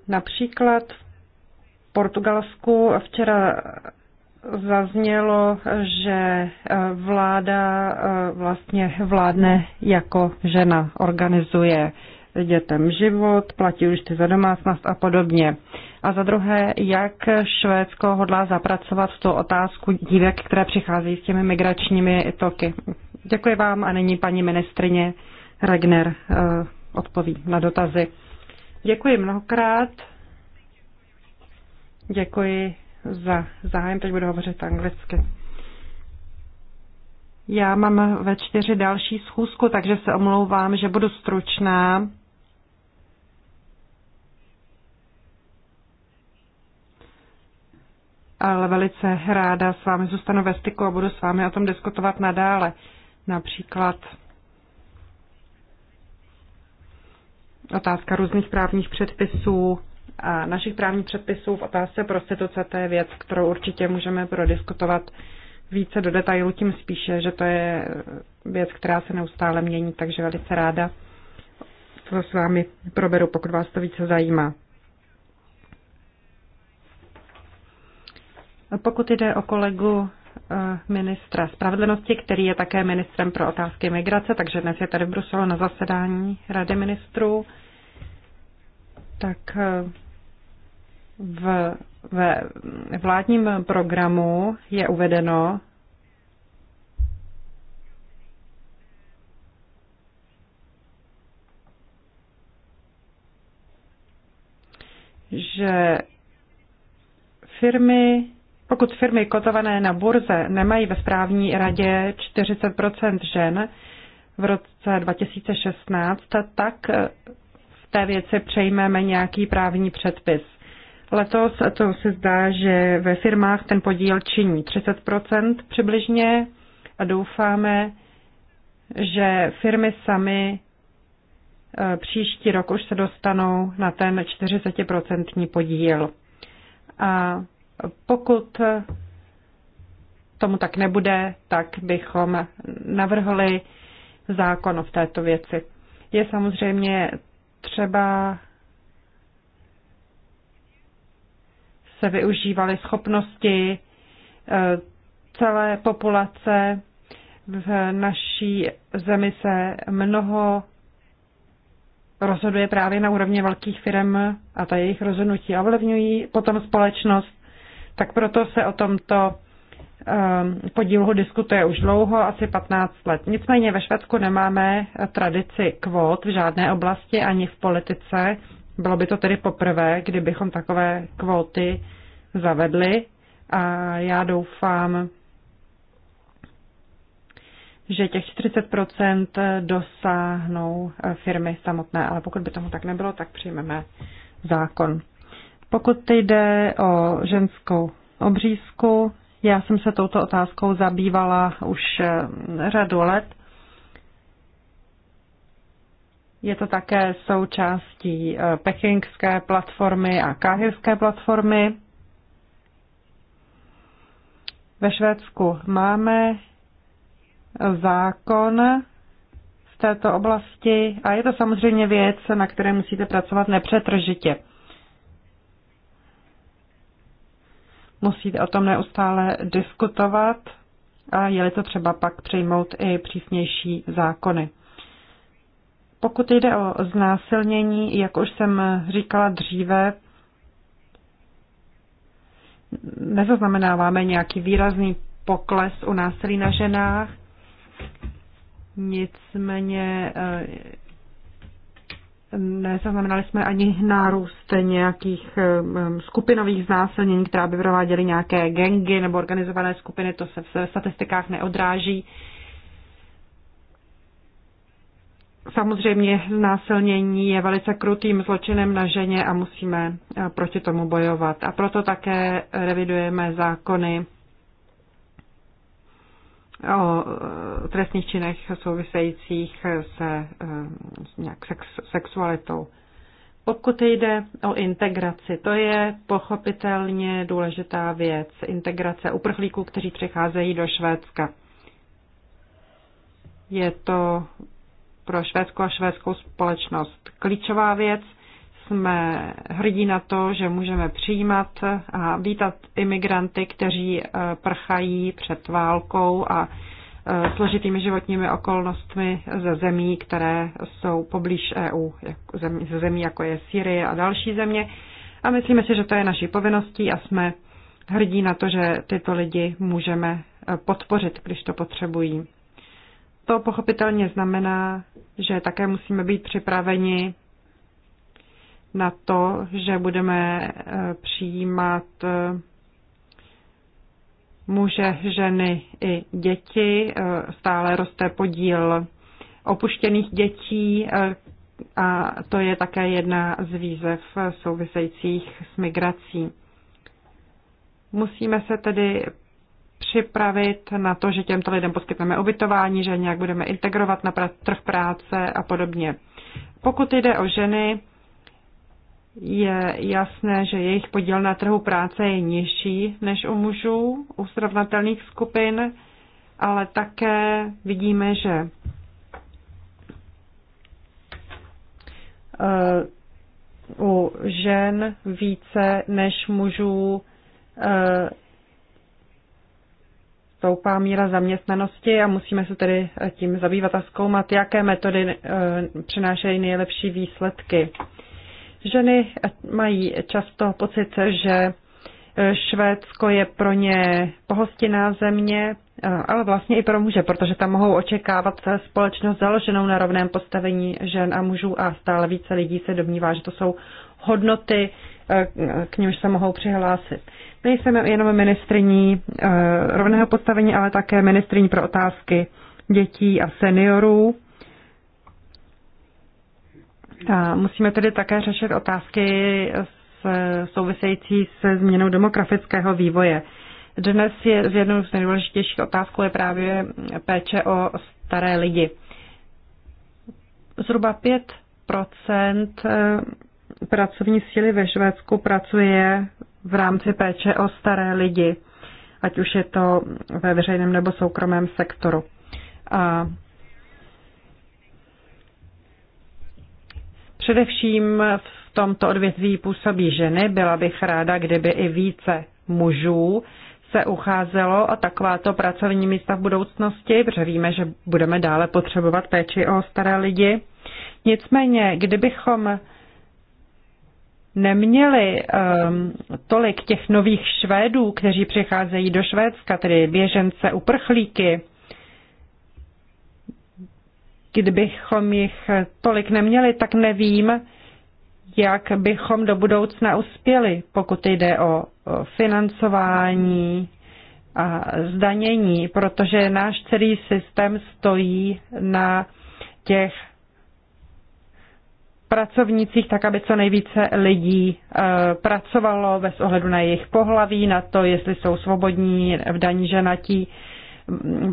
Například v Portugalsku včera zaznělo, že eh, vláda eh, vlastně vládne jako žena, organizuje dětem život, platí ty za domácnost a podobně. A za druhé, jak Švédsko hodlá zapracovat tu otázku dívek, které přicházejí s těmi migračními toky. Děkuji vám a nyní paní ministrině Regner eh, odpoví na dotazy. Děkuji mnohokrát. Děkuji za zájem. Teď budu hovořit anglicky. Já mám ve čtyři další schůzku, takže se omlouvám, že budu stručná. ale velice ráda s vámi zůstanu ve styku a budu s vámi o tom diskutovat nadále. Například otázka různých právních předpisů a našich právních předpisů v otázce prostituce, to je věc, kterou určitě můžeme prodiskutovat více do detailu, tím spíše, že to je věc, která se neustále mění, takže velice ráda to s vámi proberu, pokud vás to více zajímá. Pokud jde o kolegu eh, ministra spravedlnosti, který je také ministrem pro otázky migrace, takže dnes je tady v Bruselu na zasedání Rady ministrů, tak eh, v, ve vládním programu je uvedeno, že firmy pokud firmy kotované na burze nemají ve správní radě 40 žen v roce 2016, tak v té věci přejmeme nějaký právní předpis. Letos to se zdá, že ve firmách ten podíl činí 30 přibližně a doufáme, že firmy sami e, příští rok už se dostanou na ten 40% podíl. A pokud tomu tak nebude, tak bychom navrhli zákon v této věci. Je samozřejmě třeba se využívaly schopnosti eh, celé populace. V naší zemi se mnoho rozhoduje právě na úrovni velkých firm a ta jejich rozhodnutí ovlivňují potom společnost tak proto se o tomto ehm, podílu diskutuje už dlouho, asi 15 let. Nicméně ve Švédsku nemáme eh, tradici kvót v žádné oblasti ani v politice. Bylo by to tedy poprvé, kdybychom takové kvóty zavedli a já doufám, že těch 40% dosáhnou eh, firmy samotné, ale pokud by tomu tak nebylo, tak přijmeme zákon. Pokud jde o ženskou obřízku, já jsem se touto otázkou zabývala už eh, řadu let. Je to také součástí eh, pekingské platformy a káhirské platformy. Ve Švédsku máme zákon v této oblasti a je to samozřejmě věc, na které musíte pracovat nepřetržitě. Musíte o tom neustále diskutovat a je-li to třeba pak přejmout i přísnější zákony. Pokud jde o znásilnění, jak už jsem říkala dříve, nezaznamenáváme nějaký výrazný pokles u násilí na ženách, nicméně eh, Nezaznamenali jsme ani nárůst nějakých skupinových znásilnění, která by prováděly nějaké gengy nebo organizované skupiny, to se v statistikách neodráží. Samozřejmě znásilnění je velice krutým zločinem na ženě a musíme eh, proti tomu bojovat. A proto také revidujeme zákony o e, trestných činech souvisejících se e, nějak sex, sexualitou. Pokud jde o integraci, to je pochopitelně důležitá věc, integrace uprchlíků, kteří přicházejí do Švédska. Je to pro švédskou a švédskou společnost klíčová věc jsme hrdí na to, že můžeme přijímat a vítat imigranty, kteří eh, prchají před válkou a eh, složitými životními okolnostmi ze zemí, které jsou poblíž EU, ze zemí jako je Syrie a další země. A myslíme si, že to je naší povinností a jsme hrdí na to, že tyto lidi můžeme eh, podpořit, když to potřebují. To pochopitelně znamená, že také musíme být připraveni na to, že budeme eh, přijímat eh, muže, ženy i děti. Eh, stále roste podíl opuštěných dětí a to je také jedna z výzev souvisejících s migrací. Musíme se tedy připravit na to, že těmto lidem poskytneme ubytování, že nějak budeme integrovat na trh práce a podobně. Pokud jde o ženy, je jasné, že jejich podíl na trhu práce je nižší než u mužů, u srovnatelných skupin, ale také vidíme, že eh, u žen více než mužů eh, stoupá míra zaměstnanosti a musíme se tedy tím zabývat a zkoumat, jaké metody eh, přinášejí nejlepší výsledky. Ženy mají často pocit, že eh, Švédsko je pro ně pohostinná země, eh, ale vlastně i pro muže, protože tam mohou očekávat eh, společnost založenou na rovném postavení žen a mužů a stále více lidí se domnívá, že to jsou hodnoty, k nímž se mohou přihlásit. Nejsem jenom ministriní rovného postavení, ale také ministriní pro otázky dětí a seniorů a musíme tedy také řešit otázky s, související se změnou demografického vývoje. Dnes je z jednou z nejdůležitějších otázků je právě péče o staré lidi. Zhruba 5 eh, pracovní síly ve Švédsku pracuje v rámci péče o staré lidi, ať už je to ve veřejném nebo soukromém sektoru. A Především v tomto odvětví působí ženy. Byla bych ráda, kdyby i více mužů se ucházelo o takováto pracovní místa v budoucnosti, protože víme, že budeme dále potřebovat péči o staré lidi. Nicméně, kdybychom neměli um, tolik těch nových Švédů, kteří přicházejí do Švédska, tedy běžence, uprchlíky, kdybychom jich tolik neměli, tak nevím, jak bychom do budoucna uspěli, pokud jde o financování a zdanění, protože náš celý systém stojí na těch pracovnicích, tak aby co nejvíce lidí e, pracovalo bez ohledu na jejich pohlaví, na to, jestli jsou svobodní v daní ženatí.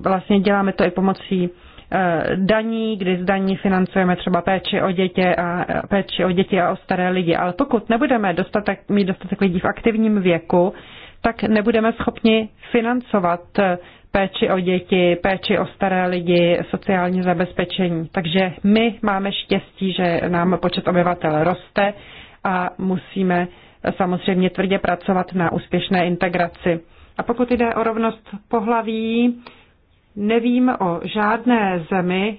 Vlastně děláme to i pomocí Eh, daní, kdy z daní financujeme třeba péči o, dětě a, péči o děti a o staré lidi. Ale pokud nebudeme dostatek, mít dostatek lidí v aktivním věku, tak nebudeme schopni financovat eh, péči o děti, péči o staré lidi, sociální zabezpečení. Takže my máme štěstí, že nám počet obyvatel roste a musíme samozřejmě tvrdě pracovat na úspěšné integraci. A pokud jde o rovnost pohlaví, Nevím o žádné zemi,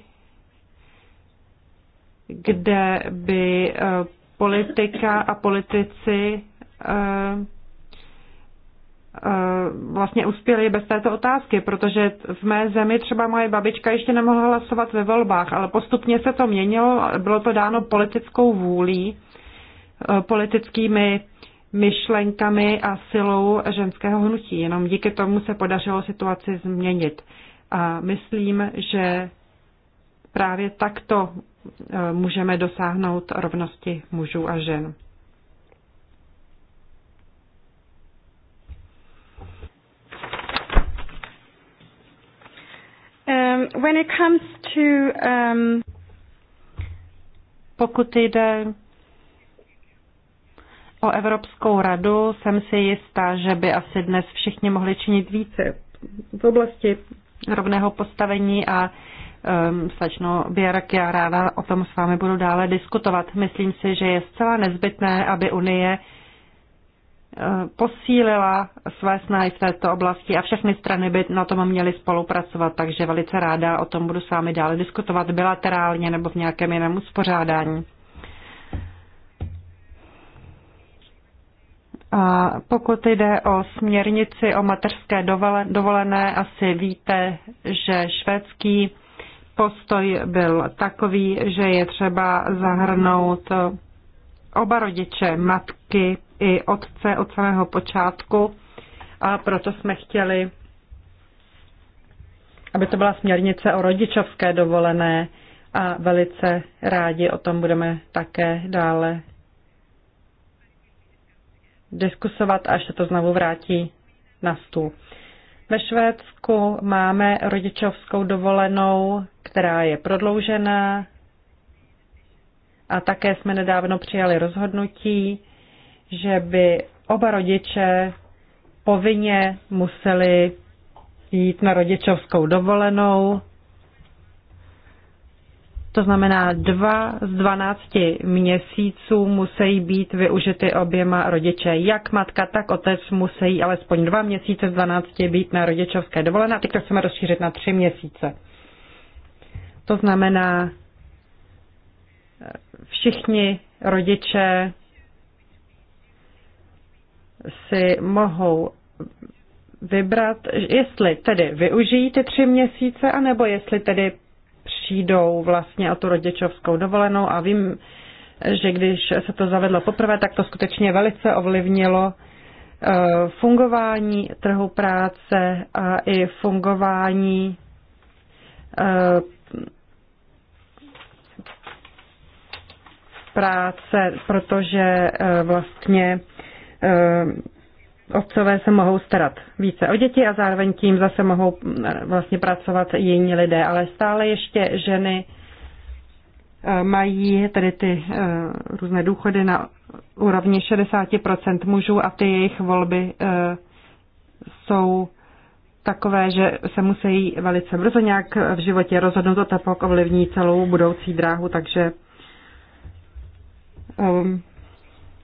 kde by eh, politika a politici eh, eh, vlastně uspěli bez této otázky, protože v mé zemi třeba moje babička ještě nemohla hlasovat ve volbách, ale postupně se to měnilo, bylo to dáno politickou vůlí, politickými myšlenkami a silou ženského hnutí. Jenom díky tomu se podařilo situaci změnit. A myslím, že právě takto e, můžeme dosáhnout rovnosti mužů a žen. Um, when it comes to, um... Pokud jde o Evropskou radu, jsem si jistá, že by asi dnes všichni mohli činit více v oblasti rovného postavení a um, slečno Běrak, já ráda o tom s vámi budu dále diskutovat. Myslím si, že je zcela nezbytné, aby Unie eh, posílila své snahy v této oblasti a všechny strany by na tom měly spolupracovat, takže velice ráda o tom budu s vámi dále diskutovat bilaterálně nebo v nějakém jiném uspořádání. A pokud jde o směrnici o mateřské dovolené, asi víte, že švédský postoj byl takový, že je třeba zahrnout oba rodiče, matky i otce od samého počátku a proto jsme chtěli, aby to byla směrnice o rodičovské dovolené a velice rádi o tom budeme také dále diskusovat, až se to znovu vrátí na stůl. Ve Švédsku máme rodičovskou dovolenou, která je prodloužená a také jsme nedávno přijali rozhodnutí, že by oba rodiče povinně museli jít na rodičovskou dovolenou to znamená, dva z 12 měsíců musí být využity oběma rodiče. Jak matka, tak otec musí alespoň dva měsíce z 12 být na rodičovské dovolené. teď to chceme rozšířit na tři měsíce. To znamená, všichni rodiče si mohou vybrat, jestli tedy využijí ty tři měsíce, anebo jestli tedy přijdou vlastně o tu rodičovskou dovolenou a vím, že když se to zavedlo poprvé, tak to skutečně velice ovlivnilo eh, fungování trhu práce a i fungování eh, práce, protože eh, vlastně otcové se mohou starat více o děti a zároveň tím zase mohou mm, vlastně pracovat i jiní lidé, ale stále ještě ženy eh, mají tedy ty eh, různé důchody na úrovni 60% mužů a ty jejich volby eh, jsou takové, že se musí velice brzo nějak v životě rozhodnout a to pak ovlivní celou budoucí dráhu, takže um,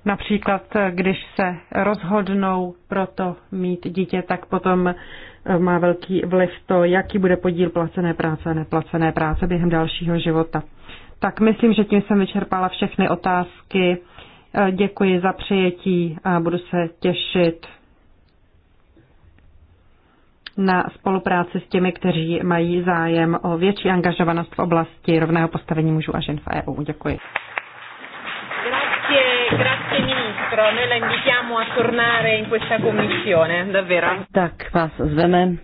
Například, když se rozhodnou pro to mít dítě, tak potom eh, má velký vliv to, jaký bude podíl placené práce a neplacené práce během dalšího života. Tak myslím, že tím jsem vyčerpala všechny otázky. Eh, děkuji za přijetí a budu se těšit na spolupráci s těmi, kteří mají zájem o větší angažovanost v oblasti rovného postavení mužů a žen v EU. Děkuji. Grazie Ministro, noi la invitiamo a tornare in questa commissione, davvero. Tak vás zveme,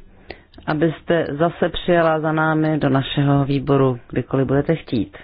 abyste zase přijela za námi do našeho výboru, kdykoliv budete chtít.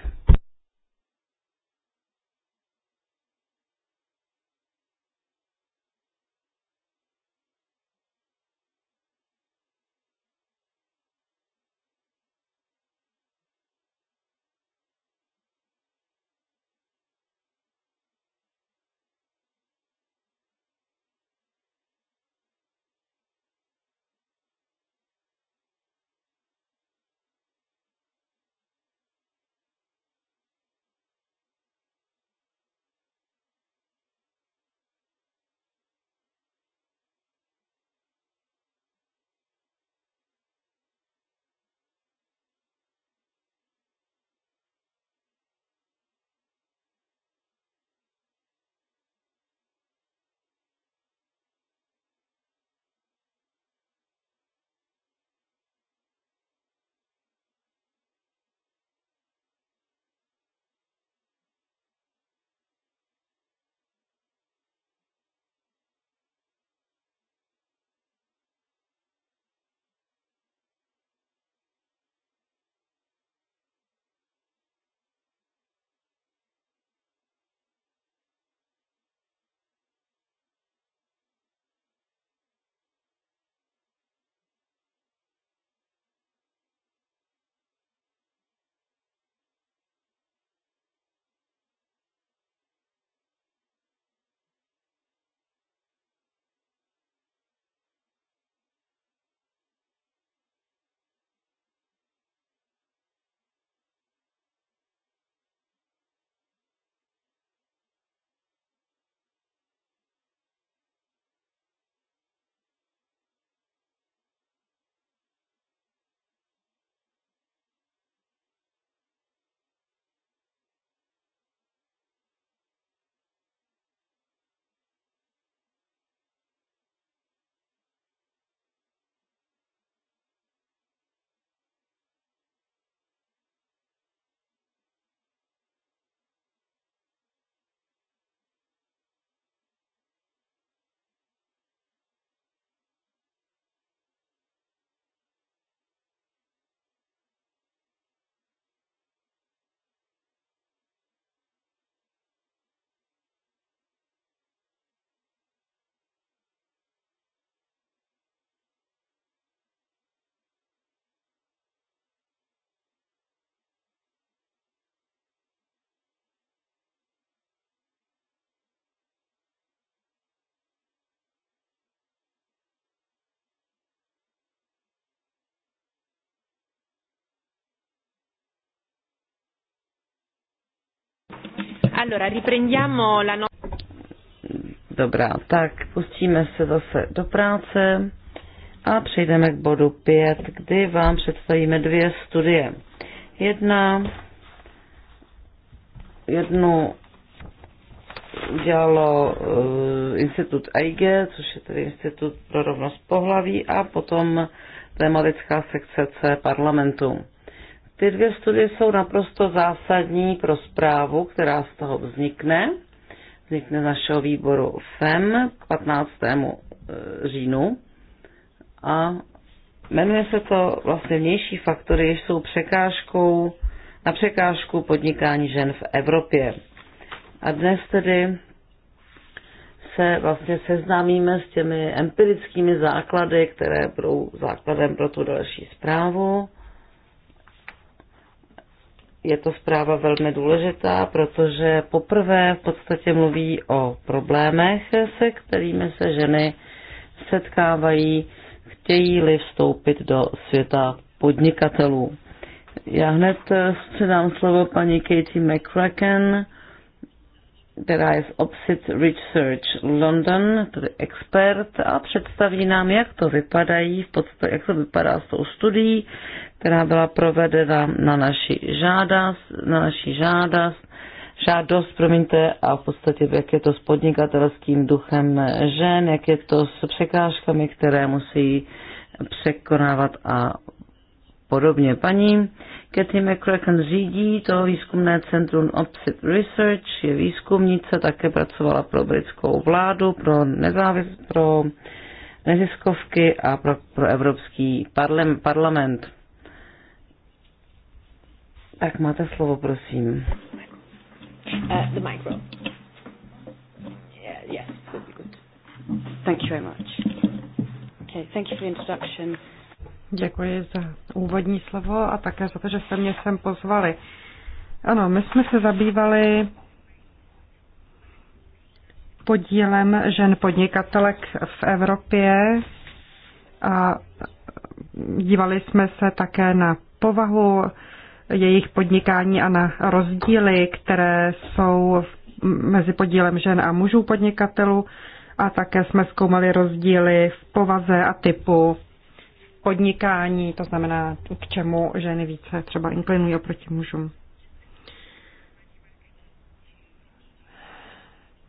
Allora, riprendiamo la no... Dobrá, tak pustíme se zase do práce a přejdeme k bodu 5, kdy vám představíme dvě studie. Jedna, jednu udělalo uh, institut AIG, e což je tedy institut pro rovnost pohlaví a potom tematická sekce C parlamentu. Ty dvě studie jsou naprosto zásadní pro zprávu, která z toho vznikne. Vznikne z našeho výboru FEM k 15. E, říjnu. A jmenuje se to vlastně vnější faktory, jež jsou překážkou na překážku podnikání žen v Evropě. A dnes tedy se vlastně seznámíme s těmi empirickými základy, které budou základem pro tu další zprávu je to zpráva velmi důležitá, protože poprvé v podstatě mluví o problémech, se kterými se ženy setkávají, chtějí-li vstoupit do světa podnikatelů. Já hned předám slovo paní Katie McCracken, která je z Opsit Research London, tedy expert, a představí nám, jak to vypadají, v podstatě, jak to vypadá s tou studií, která byla provedena na naší žádost, na naší žádost, žádost, promiňte, a v podstatě jak je to s podnikatelským duchem žen, jak je to s překážkami, které musí překonávat a podobně. Paní Kathy McCracken řídí to výzkumné centrum Opsit Research, je výzkumnice, také pracovala pro britskou vládu, pro, nezávis, pro neziskovky a pro, pro Evropský parlament. Tak máte slovo, prosím. Uh, the micro. Yeah, yes, would be good. Thank you very much. Okay, thank you for the introduction. Děkuji za úvodní slovo a také za to, že se mě sem pozvali. Ano, my jsme se zabývali podílem žen podnikatelek v Evropě a dívali jsme se také na povahu jejich podnikání a na rozdíly, které jsou mezi podílem žen a mužů podnikatelů. A také jsme zkoumali rozdíly v povaze a typu podnikání, to znamená, k čemu ženy více třeba inklinují oproti mužům.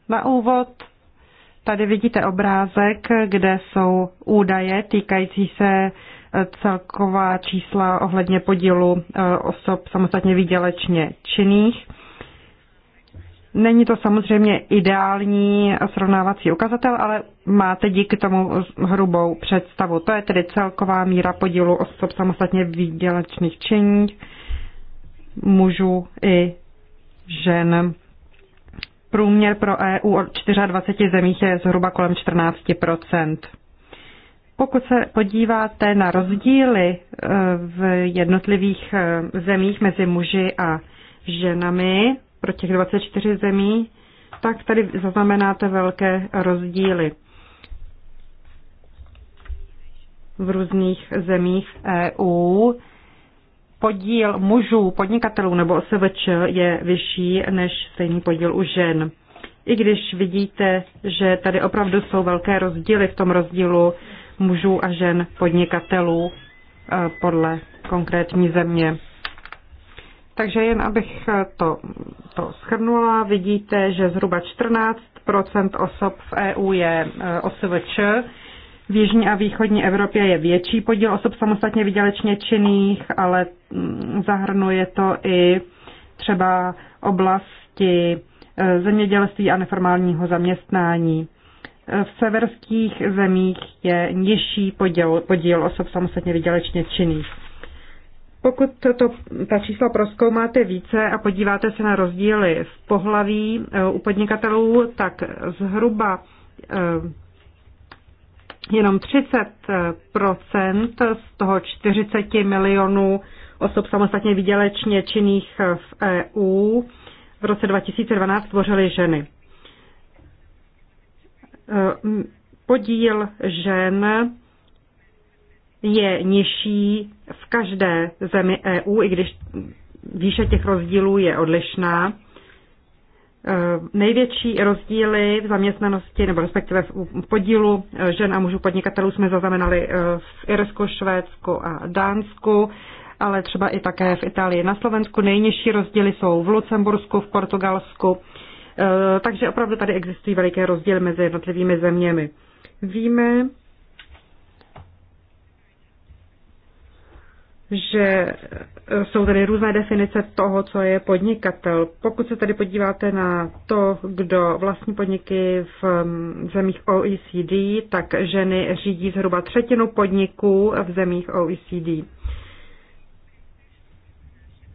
Na úvod tady vidíte obrázek, kde jsou údaje týkající se celková čísla ohledně podílu e, osob samostatně výdělečně činných. Není to samozřejmě ideální srovnávací ukazatel, ale máte díky tomu hrubou představu. To je tedy celková míra podílu osob samostatně výdělečných činí mužů i žen. Průměr pro EU od 24 zemích je zhruba kolem 14 pokud se podíváte na rozdíly eh, v jednotlivých eh, zemích mezi muži a ženami pro těch 24 zemí, tak tady zaznamenáte velké rozdíly v různých zemích EU. Podíl mužů, podnikatelů nebo OSVČ je vyšší než stejný podíl u žen. I když vidíte, že tady opravdu jsou velké rozdíly v tom rozdílu mužů a žen podnikatelů eh, podle konkrétní země. Takže jen abych eh, to, to schrnula, vidíte, že zhruba 14 osob v EU je eh, OSVČ. V jižní a východní Evropě je větší podíl osob samostatně vydělečně činných, ale mm, zahrnuje to i třeba oblasti zemědělství a neformálního zaměstnání v severských zemích je nižší podíl, podíl osob samostatně vydělečně činných. Pokud to, ta čísla proskoumáte více a podíváte se na rozdíly v pohlaví eh, u podnikatelů, tak zhruba eh, jenom 30 eh, z toho 40 milionů osob samostatně vydělečně činných v EU v roce 2012 tvořily ženy podíl žen je nižší v každé zemi EU, i když výše těch rozdílů je odlišná. Eh, největší rozdíly v zaměstnanosti nebo respektive v podílu eh, žen a mužů podnikatelů jsme zaznamenali eh, v Irsku, Švédsku a Dánsku, ale třeba i také v Itálii. Na Slovensku nejnižší rozdíly jsou v Lucembursku, v Portugalsku, Eh, takže opravdu tady existují veliké rozdíly mezi jednotlivými zeměmi. Víme, že eh, jsou tady různé definice toho, co je podnikatel. Pokud se tady podíváte na to, kdo vlastní podniky v mm, zemích OECD, tak ženy řídí zhruba třetinu podniků v zemích OECD.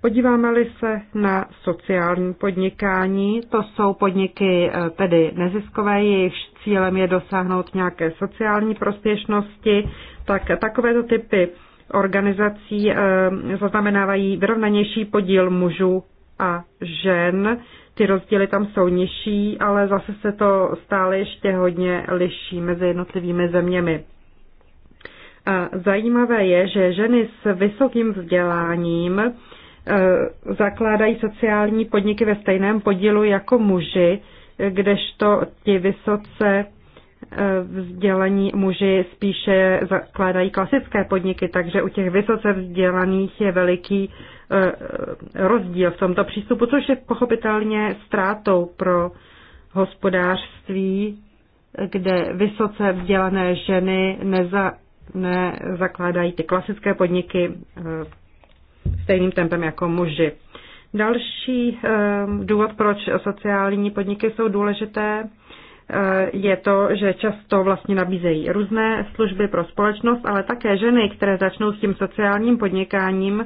Podíváme-li se na sociální podnikání, to jsou podniky eh, tedy neziskové, jejichž cílem je dosáhnout nějaké sociální prospěšnosti, tak takovéto typy organizací eh, zaznamenávají vyrovnanější podíl mužů a žen. Ty rozdíly tam jsou nižší, ale zase se to stále ještě hodně liší mezi jednotlivými zeměmi. A eh, zajímavé je, že ženy s vysokým vzděláním Eh, zakládají sociální podniky ve stejném podílu jako muži, kdežto ti vysoce eh, vzdělaní muži spíše zakládají klasické podniky, takže u těch vysoce vzdělaných je veliký eh, rozdíl v tomto přístupu, což je pochopitelně ztrátou pro hospodářství, kde vysoce vzdělané ženy neza, nezakládají ty klasické podniky stejným tempem jako muži. Další eh, důvod, proč sociální podniky jsou důležité, eh, je to, že často vlastně nabízejí různé služby pro společnost, ale také ženy, které začnou s tím sociálním podnikáním,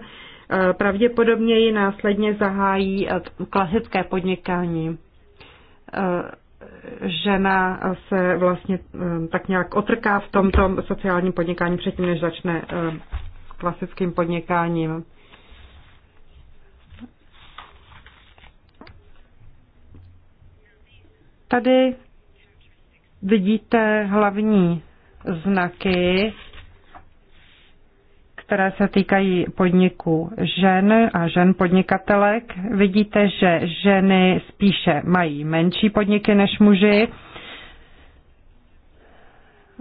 eh, pravděpodobně ji následně zahájí klasické podnikání. Žena se vlastně tak nějak otrká v tomto sociálním podnikání předtím, než začne klasickým podnikáním. Tady vidíte hlavní znaky, které se týkají podniků žen a žen podnikatelek. Vidíte, že ženy spíše mají menší podniky než muži.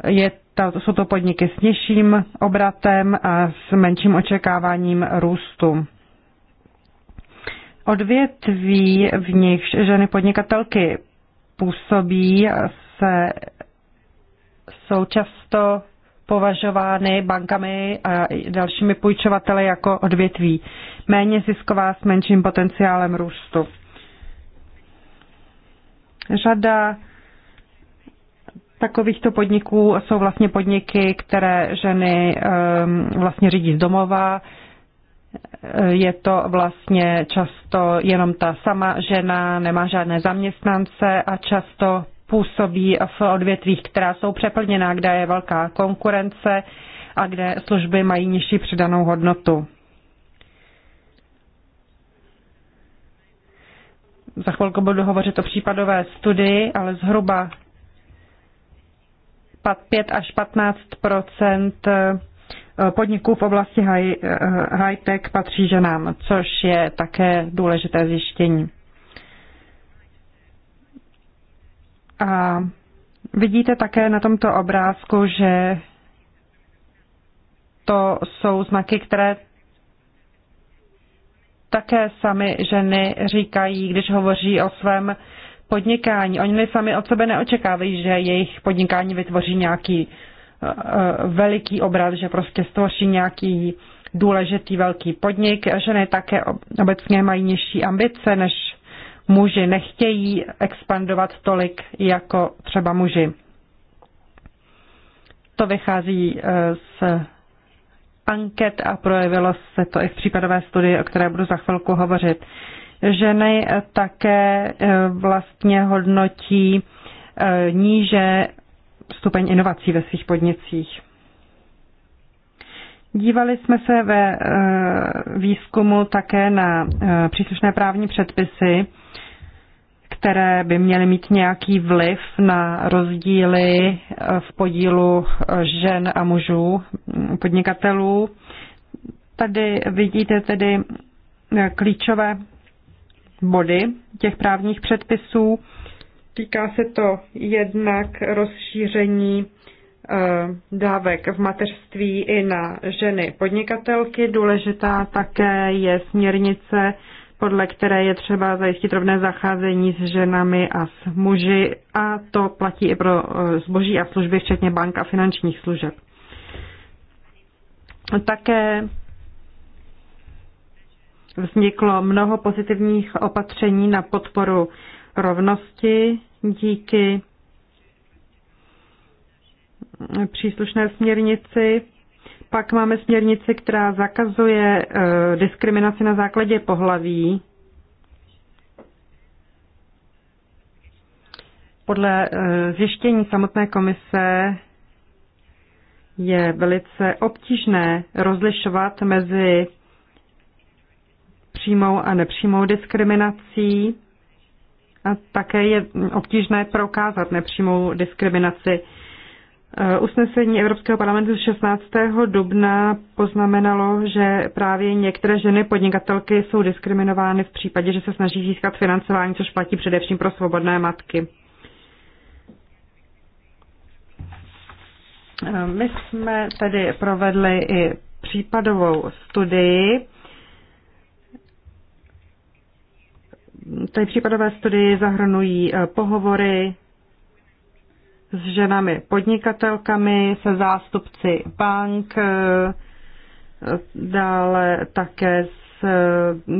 Je to, jsou to podniky s nižším obratem a s menším očekáváním růstu. Odvětví, v nichž ženy podnikatelky působí, se, jsou často považovány bankami a dalšími půjčovateli jako odvětví méně zisková s menším potenciálem růstu. Řada takovýchto podniků jsou vlastně podniky, které ženy ehm, vlastně řídí z domova, je to vlastně často jenom ta sama žena, nemá žádné zaměstnance a často působí v odvětvích, která jsou přeplněná, kde je velká konkurence a kde služby mají nižší přidanou hodnotu. Za chvilku budu hovořit o případové studii, ale zhruba 5 až 15 Eh, podniků v oblasti eh, high-tech patří ženám, což je také důležité zjištění. A vidíte také na tomto obrázku, že to jsou znaky, které také sami ženy říkají, když hovoří o svém podnikání. Oni sami od sebe neočekávají, že jejich podnikání vytvoří nějaký veliký obrat, že prostě stvoří nějaký důležitý velký podnik. Ženy také obecně mají nižší ambice než muži, nechtějí expandovat tolik jako třeba muži. To vychází eh, z anket a projevilo se to i v případové studii, o které budu za chvilku hovořit. Ženy eh, také eh, vlastně hodnotí níže stupeň inovací ve svých podnicích. Dívali jsme se ve eh, výzkumu také na eh, příslušné právní předpisy, které by měly mít nějaký vliv na rozdíly eh, v podílu žen a mužů mm, podnikatelů. Tady vidíte tedy klíčové body těch právních předpisů. Týká se to jednak rozšíření eh, dávek v mateřství i na ženy podnikatelky. Důležitá také je směrnice, podle které je třeba zajistit rovné zacházení s ženami a s muži a to platí i pro eh, zboží a služby, včetně bank a finančních služeb. Také vzniklo mnoho pozitivních opatření na podporu rovnosti díky příslušné směrnici. Pak máme směrnici, která zakazuje eh, diskriminaci na základě pohlaví. Podle eh, zjištění samotné komise je velice obtížné rozlišovat mezi přímou a nepřímou diskriminací. A také je obtížné prokázat nepřímou diskriminaci. Eh, usnesení Evropského parlamentu z 16. dubna poznamenalo, že právě některé ženy podnikatelky jsou diskriminovány v případě, že se snaží získat financování, což platí především pro svobodné matky. Eh, my jsme tedy provedli i případovou studii Ty případové studie zahrnují eh, pohovory s ženami podnikatelkami, se zástupci bank, eh, eh, dále také s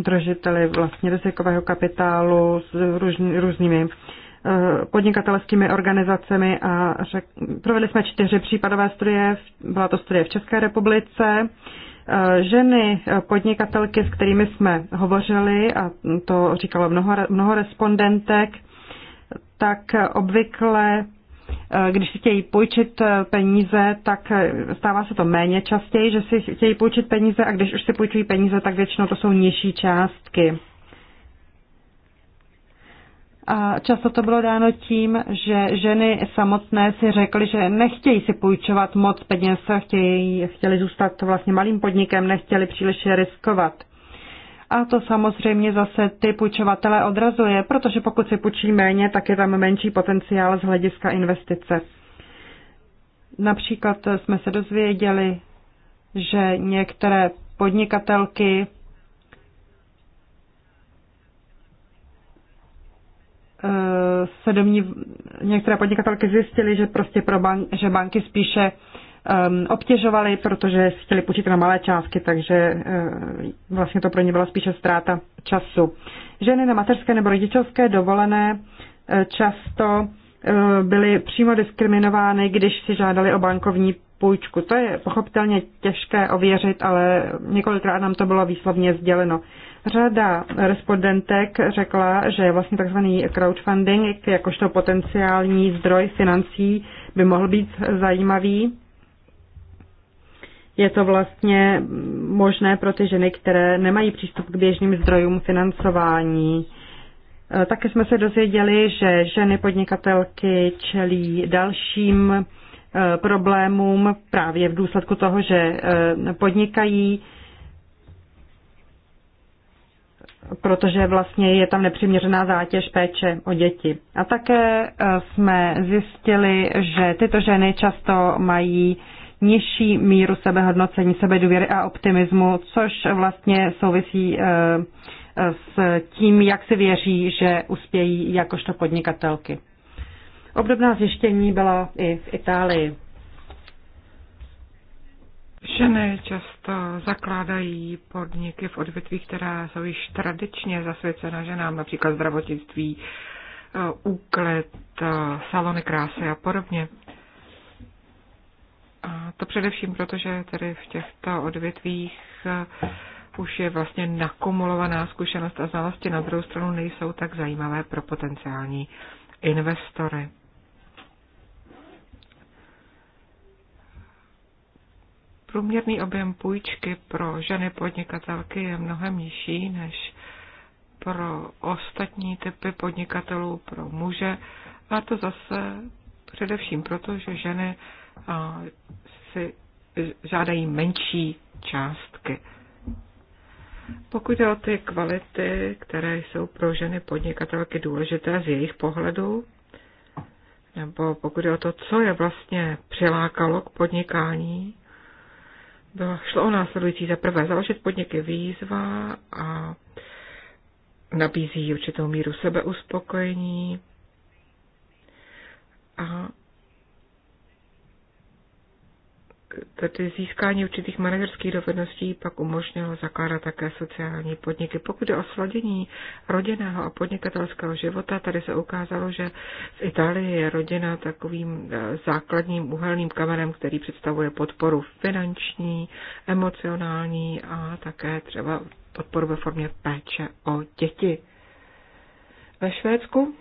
držiteli vlastně rizikového kapitálu, s různými podnikatelskými organizacemi a řek, provedli jsme čtyři případové studie, byla to studie v České republice, Ženy podnikatelky, s kterými jsme hovořili, a to říkalo mnoho, mnoho respondentek, tak obvykle, když si chtějí půjčit peníze, tak stává se to méně častěji, že si chtějí půjčit peníze a když už si půjčují peníze, tak většinou to jsou nižší částky. A často to bylo dáno tím, že ženy samotné si řekly, že nechtějí si půjčovat moc peněz, chtějí, chtěli zůstat vlastně malým podnikem, nechtěli příliš riskovat. A to samozřejmě zase ty půjčovatele odrazuje, protože pokud si půjčí méně, tak je tam menší potenciál z hlediska investice. Například jsme se dozvěděli, že některé podnikatelky Eh, se domní, některé podnikatelky zjistily, že prostě pro bank, že banky spíše um, obtěžovaly, protože si chtěli půjčit na malé částky, takže uh, vlastně to pro ně byla spíše ztráta času. Ženy na mateřské nebo rodičovské dovolené uh, často uh, byly přímo diskriminovány, když si žádali o bankovní půjčku. To je pochopitelně těžké ověřit, ale několikrát nám to bylo výslovně sděleno. Řada respondentek řekla, že vlastně tzv. crowdfunding jakožto potenciální zdroj financí by mohl být zajímavý. Je to vlastně možné pro ty ženy, které nemají přístup k běžným zdrojům financování. E, také jsme se dozvěděli, že ženy podnikatelky čelí dalším e, problémům právě v důsledku toho, že e, podnikají, protože vlastně je tam nepřiměřená zátěž péče o děti. A také eh, jsme zjistili, že tyto ženy často mají nižší míru sebehodnocení, sebedůvěry a optimismu, což vlastně souvisí eh, s tím, jak si věří, že uspějí jakožto podnikatelky. Obdobná zjištění byla i v Itálii. Ženy často zakládají podniky v odvětvích, která jsou již tradičně zasvěcena ženám, například zdravotnictví, eh, úklid, eh, salony krásy a podobně. A to především proto, že tedy v těchto odvětvích eh, už je vlastně nakumulovaná zkušenost a znalosti na druhou stranu nejsou tak zajímavé pro potenciální investory. průměrný objem půjčky pro ženy podnikatelky je mnohem nižší než pro ostatní typy podnikatelů, pro muže. A to zase především proto, že ženy si žádají menší částky. Pokud jde o ty kvality, které jsou pro ženy podnikatelky důležité z jejich pohledu, nebo pokud je o to, co je vlastně přilákalo k podnikání, šlo o následující. Za prvé, založit podnik je výzva a nabízí určitou míru sebeuspokojení a tedy získání určitých manažerských dovedností pak umožnilo zakládat také sociální podniky. Pokud je o sladění rodinného a podnikatelského života, tady se ukázalo, že v Itálii je rodina takovým eh, základním uhelným kamenem, který představuje podporu finanční, emocionální a také třeba podporu ve formě péče o děti. Ve Švédsku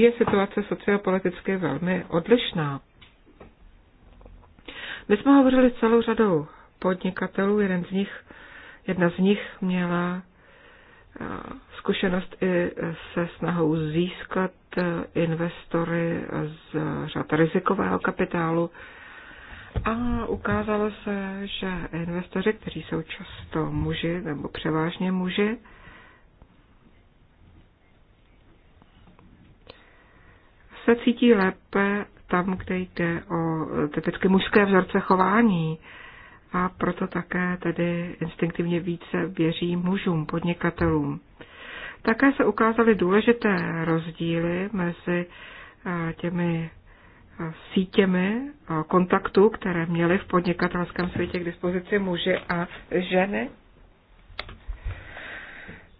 je situace sociopoliticky velmi odlišná. My jsme hovořili s celou řadou podnikatelů, jeden z nich, jedna z nich měla eh, zkušenost i se snahou získat eh, investory z řad rizikového kapitálu. A ukázalo se, že investoři, kteří jsou často muži nebo převážně muži, se cítí lépe tam, kde jde o typicky mužské vzorce chování a proto také tedy instinktivně více věří mužům, podnikatelům. Také se ukázaly důležité rozdíly mezi eh, těmi eh, sítěmi eh, kontaktů, které měly v podnikatelském světě k dispozici muži a ženy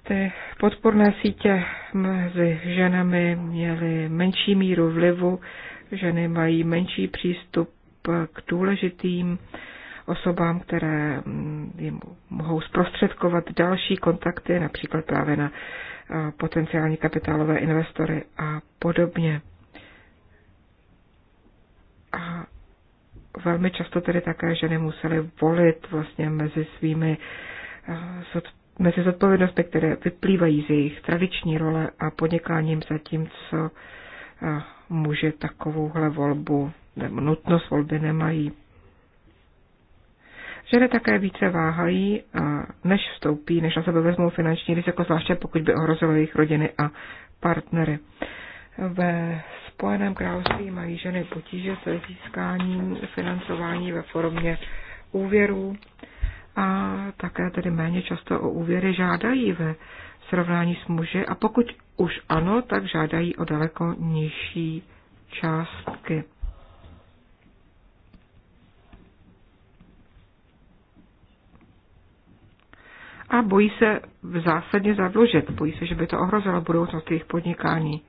ty podporné sítě mezi ženami měly menší míru vlivu, ženy mají menší přístup k důležitým osobám, které mm, jim mohou zprostředkovat další kontakty, například právě na eh, potenciální kapitálové investory a podobně. A velmi často tedy také ženy musely volit vlastně mezi svými eh, mezi zodpovědnosti, které vyplývají z jejich tradiční role a podnikáním za tím, co eh, muže takovouhle volbu nebo nutnost volby nemají. Ženy také více váhají, eh, než vstoupí, než na sebe vezmou finanční riziko, zvláště pokud by ohrozilo jejich rodiny a partnery. Ve Spojeném království mají ženy potíže se získáním financování ve formě úvěrů, a také tedy méně často o úvěry žádají ve srovnání s muži a pokud už ano, tak žádají o daleko nižší částky. A bojí se v zásadně zadlužit, bojí se, že by to ohrozilo budoucnost jejich podnikání.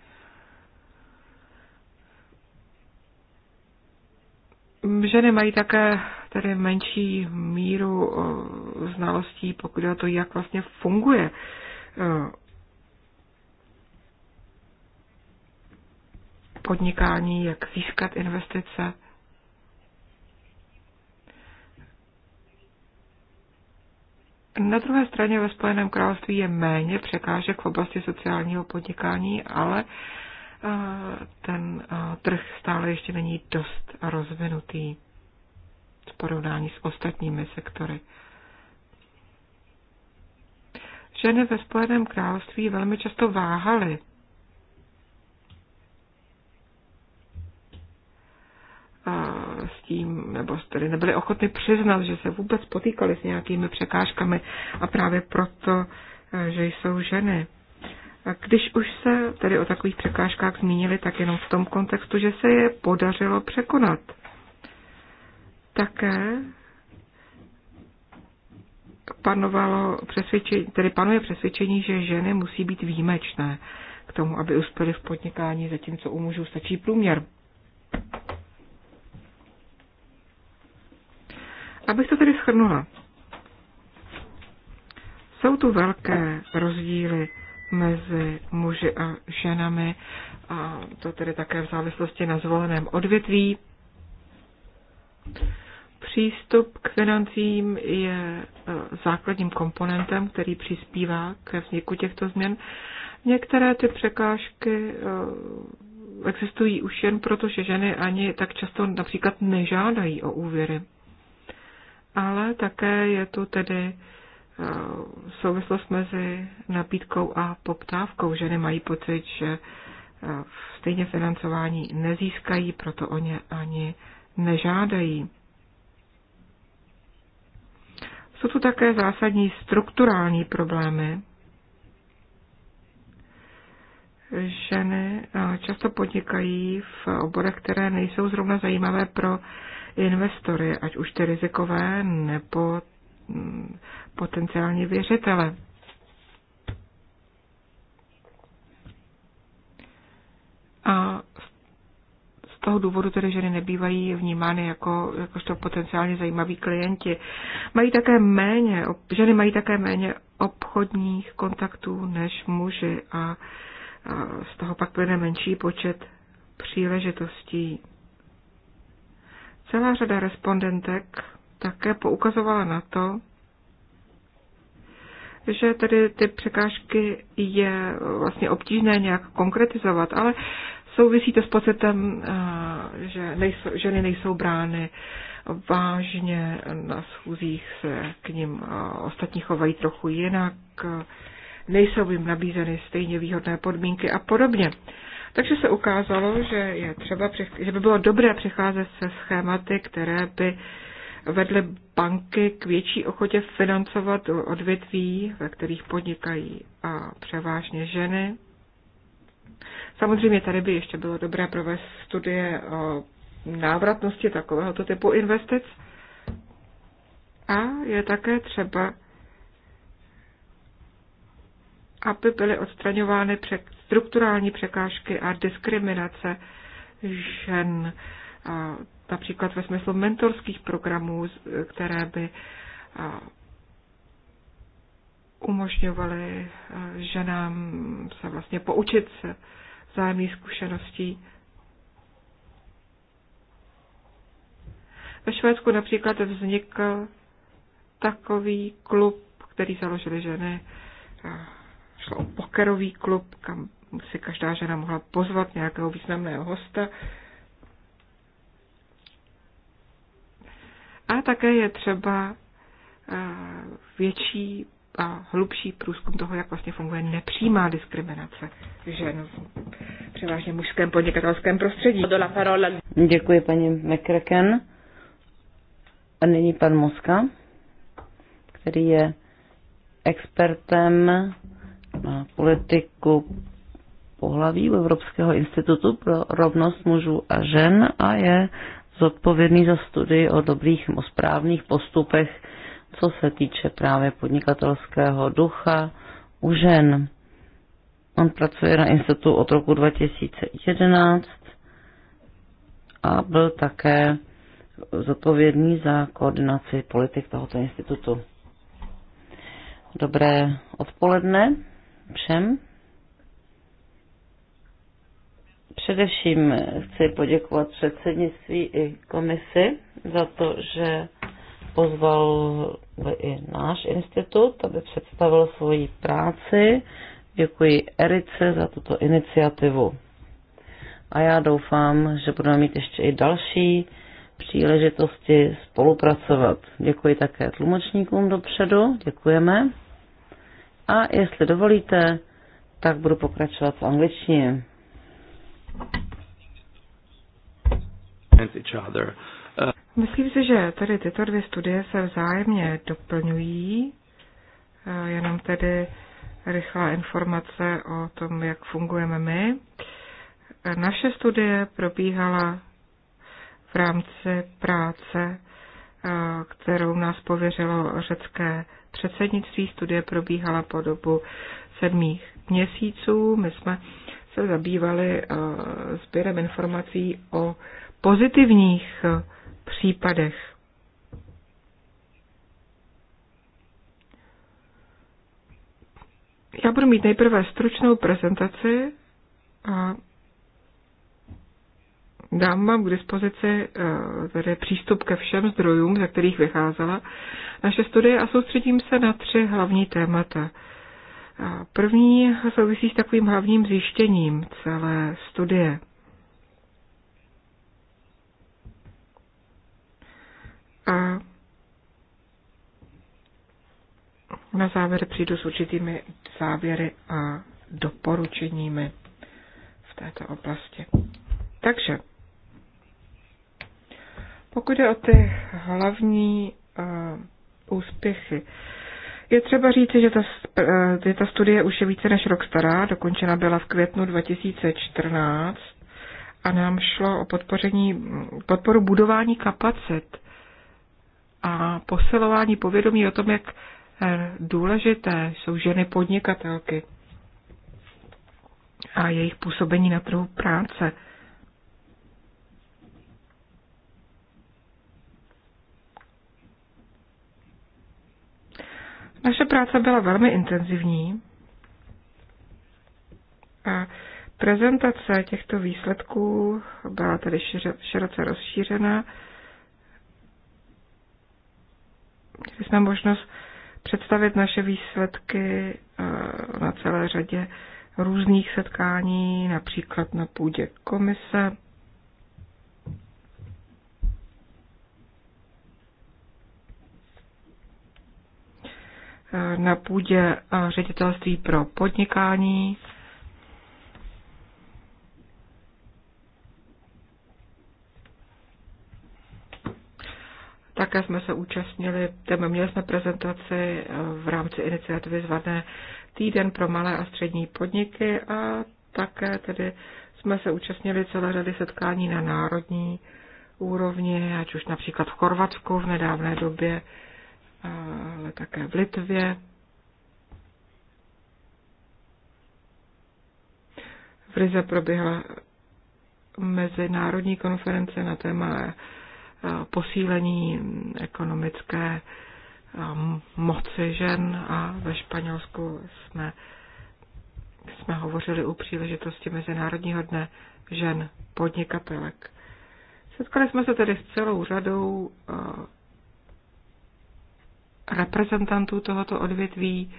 Ženy mají také tedy menší míru eh, znalostí, pokud je to, jak vlastně funguje eh, podnikání, jak získat investice. Na druhé straně ve Spojeném království je méně překážek v oblasti sociálního podnikání, ale eh, ten trh stále ještě není dost rozvinutý v porovnání s ostatními sektory. Ženy ve Spojeném království velmi často váhaly s tím, nebo tedy nebyly ochotny přiznat, že se vůbec potýkali s nějakými překážkami a právě proto, e, že jsou ženy. A když už se tedy o takových překážkách zmínili, tak jenom v tom kontextu, že se je podařilo překonat. Také panovalo přesvědčení, tedy panuje přesvědčení, že ženy musí být výjimečné k tomu, aby uspěly v podnikání, zatímco u mužů stačí průměr. Abych to tedy shrnula. Jsou tu velké rozdíly mezi muži a ženami, a to tedy také v závislosti na zvoleném odvětví. Přístup k financím je e, základním komponentem, který přispívá ke vzniku těchto změn. Některé ty překážky e, existují už jen proto, že ženy ani tak často například nežádají o úvěry. Ale také je tu tedy e, souvislost mezi nabídkou a poptávkou. Ženy mají pocit, že stejně financování nezískají, proto o ně ani nežádají. Jsou tu také zásadní strukturální problémy. Ženy eh, často podnikají v oborech, které nejsou zrovna zajímavé pro investory, ať už ty rizikové nebo mm, potenciální věřitele. A toho důvodu tedy ženy nebývají vnímány jako, jakožto potenciálně zajímaví klienti. Mají také méně, ženy mají také méně obchodních kontaktů než muži a, a z toho pak plyne menší počet příležitostí. Celá řada respondentek také poukazovala na to, že tedy ty překážky je vlastně obtížné nějak konkretizovat, ale Souvisí to s pocitem, eh, že nejsou, ženy nejsou brány vážně, na schůzích se k ním eh, ostatní chovají trochu jinak, eh, nejsou jim nabízeny stejně výhodné podmínky a podobně. Takže se ukázalo, že, je třeba, že by bylo dobré přicházet se schématy, které by vedly banky k větší ochotě financovat odvětví, ve kterých podnikají a převážně ženy. Samozřejmě tady by ještě bylo dobré provést studie o návratnosti takovéhoto typu investic a je také třeba, aby byly odstraňovány strukturální překážky a diskriminace žen, například ve smyslu mentorských programů, které by umožňovaly eh, ženám se vlastně poučit se vzájemných zkušeností. Ve Švédsku například vznikl takový klub, který založili ženy. Eh, šlo o pokerový klub, kam si každá žena mohla pozvat nějakého významného hosta. A také je třeba eh, větší a hlubší průzkum toho, jak vlastně funguje nepřímá diskriminace žen v převážně mužském podnikatelském prostředí. Děkuji paní McCracken. A nyní pan Moska, který je expertem na politiku pohlaví u Evropského institutu pro rovnost mužů a žen a je zodpovědný za studii o dobrých, o správných postupech co se týče právě podnikatelského ducha u žen. On pracuje na institutu od roku 2011 a byl také zodpovědný za koordinaci politik tohoto institutu. Dobré odpoledne všem. Především chci poděkovat předsednictví i komisi za to, že pozval i náš institut, aby představil svoji práci. Děkuji Erice za tuto iniciativu. A já doufám, že budeme mít ještě i další příležitosti spolupracovat. Děkuji také tlumočníkům dopředu, děkujeme. A jestli dovolíte, tak budu pokračovat v angličtině. Myslím si, že tady tyto dvě studie se vzájemně doplňují, eh, jenom tedy rychlá informace o tom, jak fungujeme my. Eh, naše studie probíhala v rámci práce, eh, kterou nás pověřilo řecké předsednictví. Studie probíhala po dobu sedmých měsíců. My jsme se zabývali sběrem informací o pozitivních případech. Já budu mít nejprve stručnou prezentaci a dám vám k dispozici eh, tedy přístup ke všem zdrojům, ze kterých vycházela naše studie a soustředím se na tři hlavní témata. Eh, první souvisí s takovým hlavním zjištěním celé studie – na závěr přijdu s určitými závěry a doporučeními v této oblasti. Takže, pokud je o ty hlavní uh, úspěchy, je třeba říci, že ta, uh, ta studie už je více než rok stará, dokončena byla v květnu 2014 a nám šlo o podpoření, podporu budování kapacit a posilování povědomí o tom, jak důležité jsou ženy podnikatelky a jejich působení na trhu práce. Naše práce byla velmi intenzivní a prezentace těchto výsledků byla tedy široce rozšířena. Měli jsme možnost představit naše výsledky eh, na celé řadě různých setkání, například na půdě komise. Eh, na půdě eh, ředitelství pro podnikání Také jsme se účastnili, tam měli jsme prezentaci eh, v rámci iniciativy zvané Týden pro malé a střední podniky a také tedy jsme se účastnili celé řady setkání na národní úrovni, ať už například v Chorvatsku v nedávné době, eh, ale také v Litvě. V Rize proběhla mezinárodní konference na téma Eh, posílení ekonomické eh, moci žen a ve Španělsku jsme, jsme hovořili u příležitosti Mezinárodního dne žen podnikatelek. Setkali jsme se tedy s celou řadou eh, reprezentantů tohoto odvětví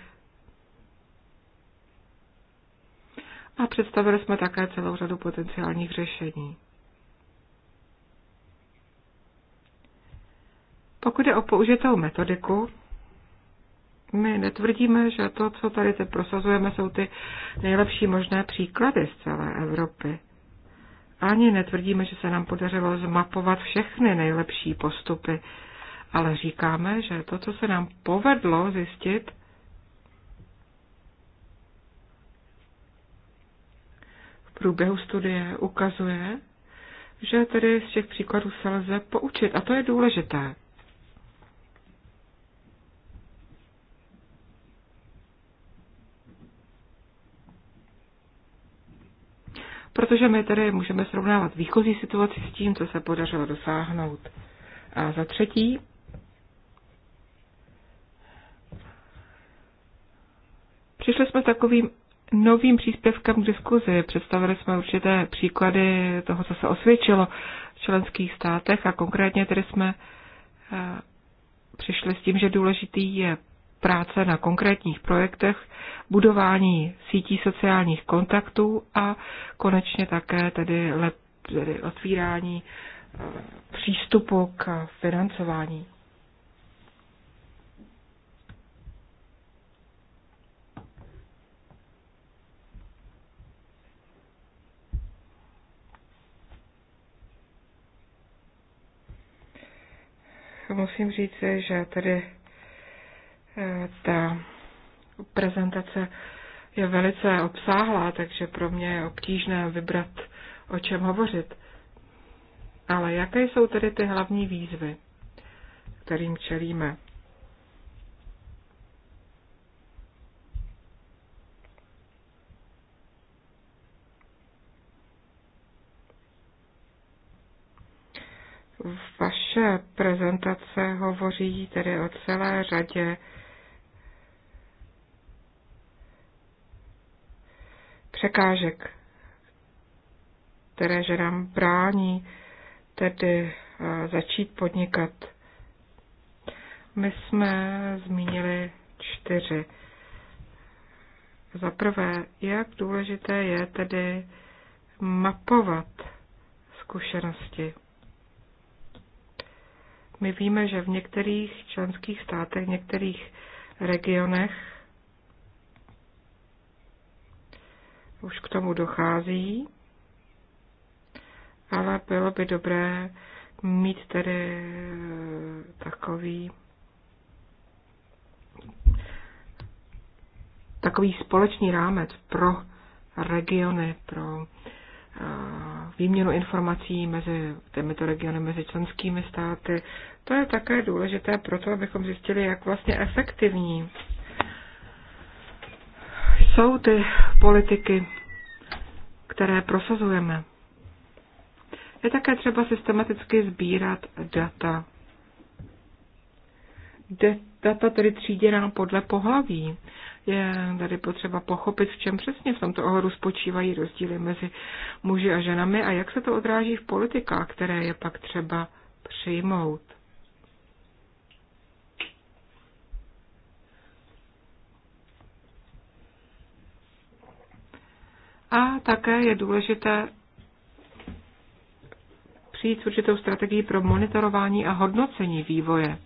a představili jsme také celou řadu potenciálních řešení. Pokud je o použitou metodiku, my netvrdíme, že to, co tady teď prosazujeme, jsou ty nejlepší možné příklady z celé Evropy. Ani netvrdíme, že se nám podařilo zmapovat všechny nejlepší postupy, ale říkáme, že to, co se nám povedlo zjistit, v průběhu studie ukazuje, že tedy z těch příkladů se lze poučit. A to je důležité. protože my tedy můžeme srovnávat výchozí situaci s tím, co se podařilo dosáhnout. A za třetí, přišli jsme takovým novým příspěvkem k diskuzi. Představili jsme určité příklady toho, co se osvědčilo v členských státech a konkrétně tedy jsme eh, přišli s tím, že důležitý je práce na konkrétních projektech, budování sítí sociálních kontaktů a konečně také tedy, lep, tedy otvírání eh, přístupu k financování. musím říct, že tedy ta prezentace je velice obsáhlá, takže pro mě je obtížné vybrat, o čem hovořit. Ale jaké jsou tedy ty hlavní výzvy, kterým čelíme? Vaše prezentace hovoří tedy o celé řadě překážek, které nám brání tedy eh, začít podnikat. My jsme zmínili čtyři. Za prvé, jak důležité je tedy mapovat zkušenosti. My víme, že v některých členských státech, v některých regionech Už k tomu dochází, ale bylo by dobré mít tedy eh, takový takový společný rámec pro regiony, pro eh, výměnu informací mezi těmito regiony, mezi členskými státy. To je také důležité proto, abychom zjistili, jak vlastně efektivní jsou ty politiky, které prosazujeme. Je také třeba systematicky sbírat data. De, data tedy tříděná podle pohlaví. Je tady potřeba pochopit, v čem přesně v tomto ohledu spočívají rozdíly mezi muži a ženami a jak se to odráží v politikách, které je pak třeba přijmout. A také je důležité přijít s určitou strategií pro monitorování a hodnocení vývoje,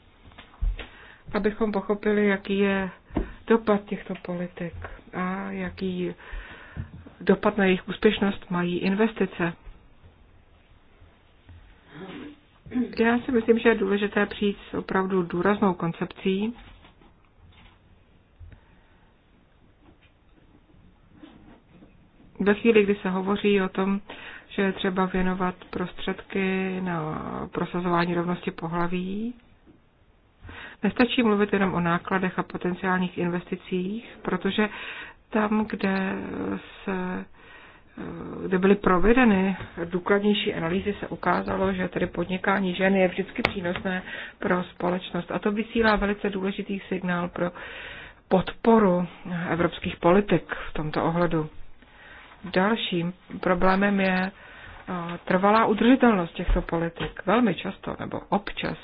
abychom pochopili, jaký je dopad těchto politik a jaký dopad na jejich úspěšnost mají investice. Já si myslím, že je důležité přijít s opravdu důraznou koncepcí, ve chvíli, kdy se hovoří o tom, že je třeba věnovat prostředky na prosazování rovnosti pohlaví, nestačí mluvit jenom o nákladech a potenciálních investicích, protože tam, kde se eh, kde byly provedeny důkladnější analýzy, se ukázalo, že tedy podnikání žen je vždycky přínosné pro společnost. A to vysílá velice důležitý signál pro podporu evropských politik v tomto ohledu. Dalším problémem je eh, trvalá udržitelnost těchto politik. Velmi často nebo občas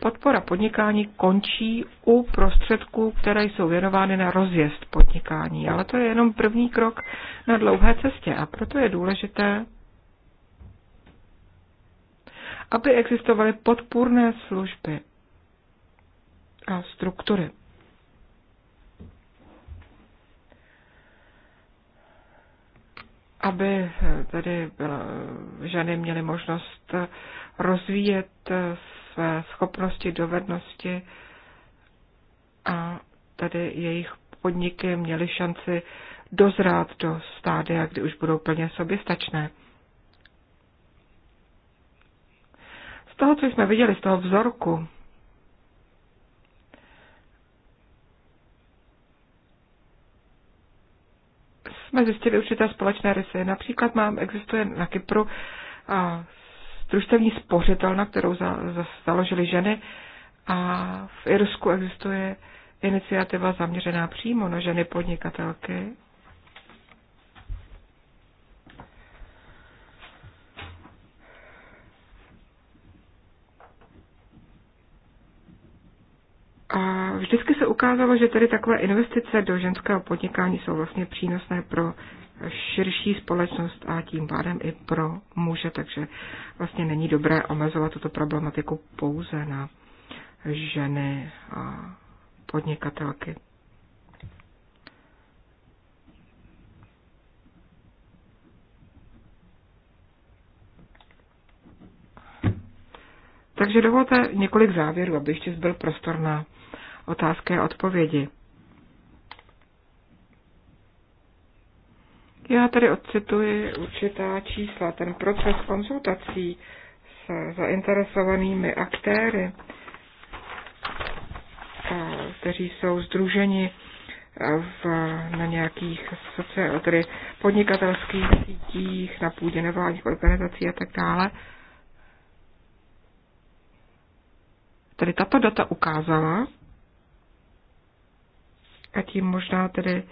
podpora podnikání končí u prostředků, které jsou věnovány na rozjezd podnikání. Ale to je jenom první krok na dlouhé cestě a proto je důležité, aby existovaly podpůrné služby a struktury. aby eh, tedy eh, ženy měly možnost eh, rozvíjet své schopnosti, dovednosti a tedy jejich podniky měly šanci dozrát do stádia, kdy už budou plně soběstačné. Z toho, co jsme viděli, z toho vzorku, jsme zjistili určité společné rysy. Například mám, existuje na Kypru a, družstevní spořitelna, kterou za, za, založili ženy a v Irsku existuje iniciativa zaměřená přímo na ženy podnikatelky A vždycky se ukázalo, že tady takové investice do ženského podnikání jsou vlastně přínosné pro širší společnost a tím pádem i pro muže, takže vlastně není dobré omezovat tuto problematiku pouze na ženy a podnikatelky. Takže dovolte několik závěrů, aby ještě zbyl prostor na otázky a odpovědi. Já tady odcituji určitá čísla. Ten proces konzultací s zainteresovanými aktéry, kteří jsou združeni v, na nějakých tedy podnikatelských sítích, na půdě nevládních organizací a tak dále. Tady tato data ukázala, a tím možná tedy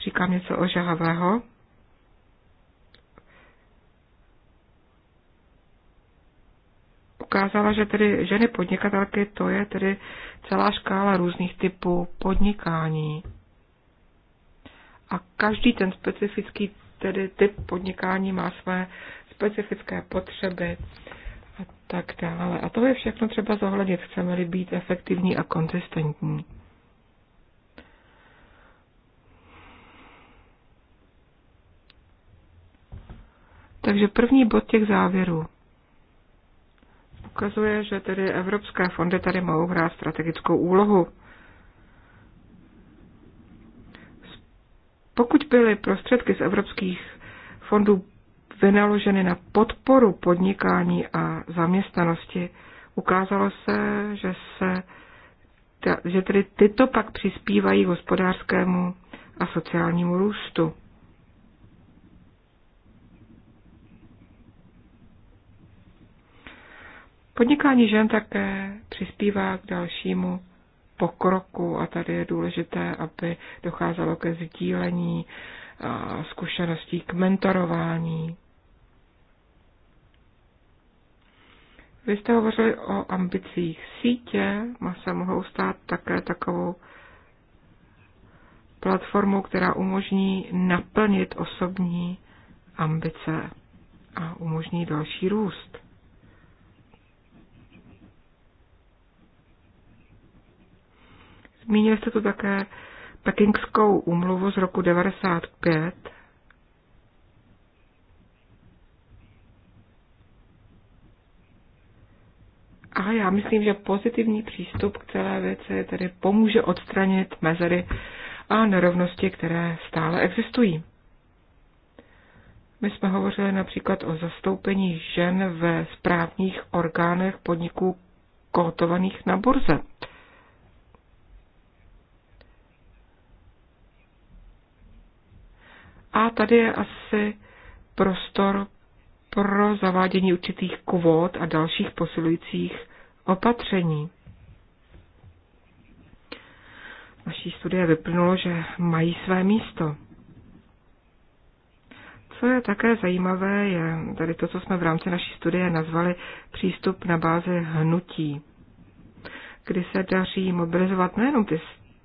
říkám něco ožahavého. Ukázala, že tedy ženy podnikatelky, to je tedy celá škála různých typů podnikání. A každý ten specifický tedy typ podnikání má své specifické potřeby a tak dále. A to je všechno třeba zohlednit, chceme-li být efektivní a konzistentní. Takže první bod těch závěrů ukazuje, že tedy evropské fondy tady mohou hrát strategickou úlohu. Pokud byly prostředky z evropských fondů vynaloženy na podporu podnikání a zaměstnanosti, ukázalo se, že, se, že tedy tyto pak přispívají k hospodářskému a sociálnímu růstu. Podnikání žen také přispívá k dalšímu pokroku a tady je důležité, aby docházelo ke sdílení zkušeností, k mentorování. Vy jste hovořili o ambicích sítě, se mohou stát také takovou platformu, která umožní naplnit osobní ambice a umožní další růst. Zmínil jste tu také Pekingskou úmluvu z roku 95. A já myslím, že pozitivní přístup k celé věci tedy pomůže odstranit mezery a nerovnosti, které stále existují. My jsme hovořili například o zastoupení žen ve správních orgánech podniků kotovaných na burze. A tady je asi prostor pro zavádění určitých kvót a dalších posilujících opatření. Naší studie vyplnulo, že mají své místo. Co je také zajímavé, je tady to, co jsme v rámci naší studie nazvali přístup na bázi hnutí, kdy se daří mobilizovat nejenom ty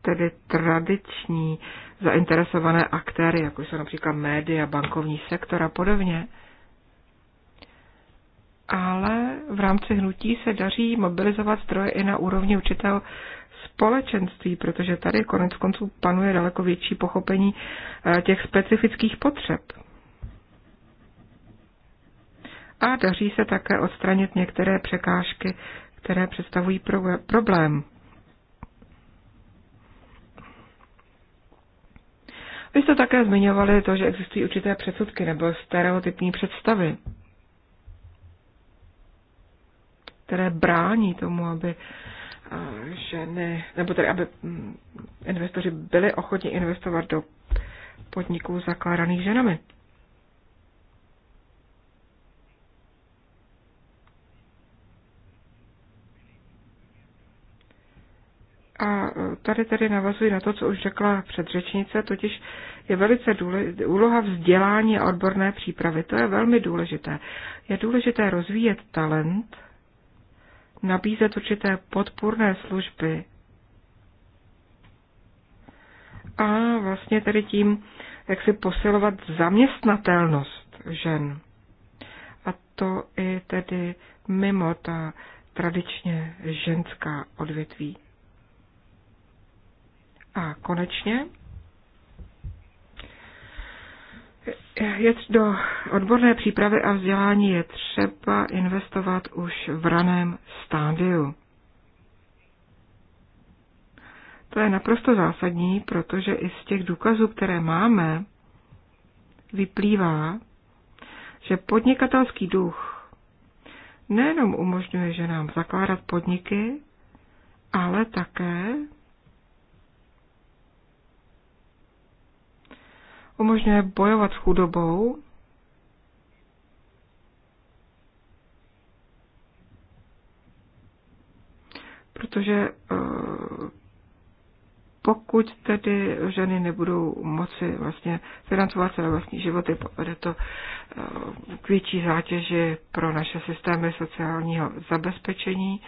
tedy tradiční zainteresované aktéry, jako jsou například média, bankovní sektor a podobně. Ale v rámci hnutí se daří mobilizovat zdroje i na úrovni určitého společenství, protože tady konec konců panuje daleko větší pochopení eh, těch specifických potřeb. A daří se také odstranit některé překážky, které představují problém. Vy jste také zmiňovali to, že existují určité předsudky nebo stereotypní představy, které brání tomu, aby eh, ženy, nebo tedy, aby mm, investoři byli ochotni investovat do podniků zakládaných ženami. A e, tady tedy navazuji na to, co už řekla předřečnice, totiž je velice důležitá úloha vzdělání a odborné přípravy. To je velmi důležité. Je důležité rozvíjet talent, nabízet určité podpůrné služby a vlastně tedy tím, jak si posilovat zaměstnatelnost žen. A to i tedy mimo ta tradičně ženská odvětví. A konečně je do odborné přípravy a vzdělání je třeba investovat už v raném stádiu. To je naprosto zásadní, protože i z těch důkazů, které máme, vyplývá, že podnikatelský duch nejenom umožňuje ženám zakládat podniky, ale také umožňuje bojovat s chudobou protože eh, pokud tedy ženy nebudou moci vlastně financovat své vlastní životy, povede to eh, k větší zátěži pro naše systémy sociálního zabezpečení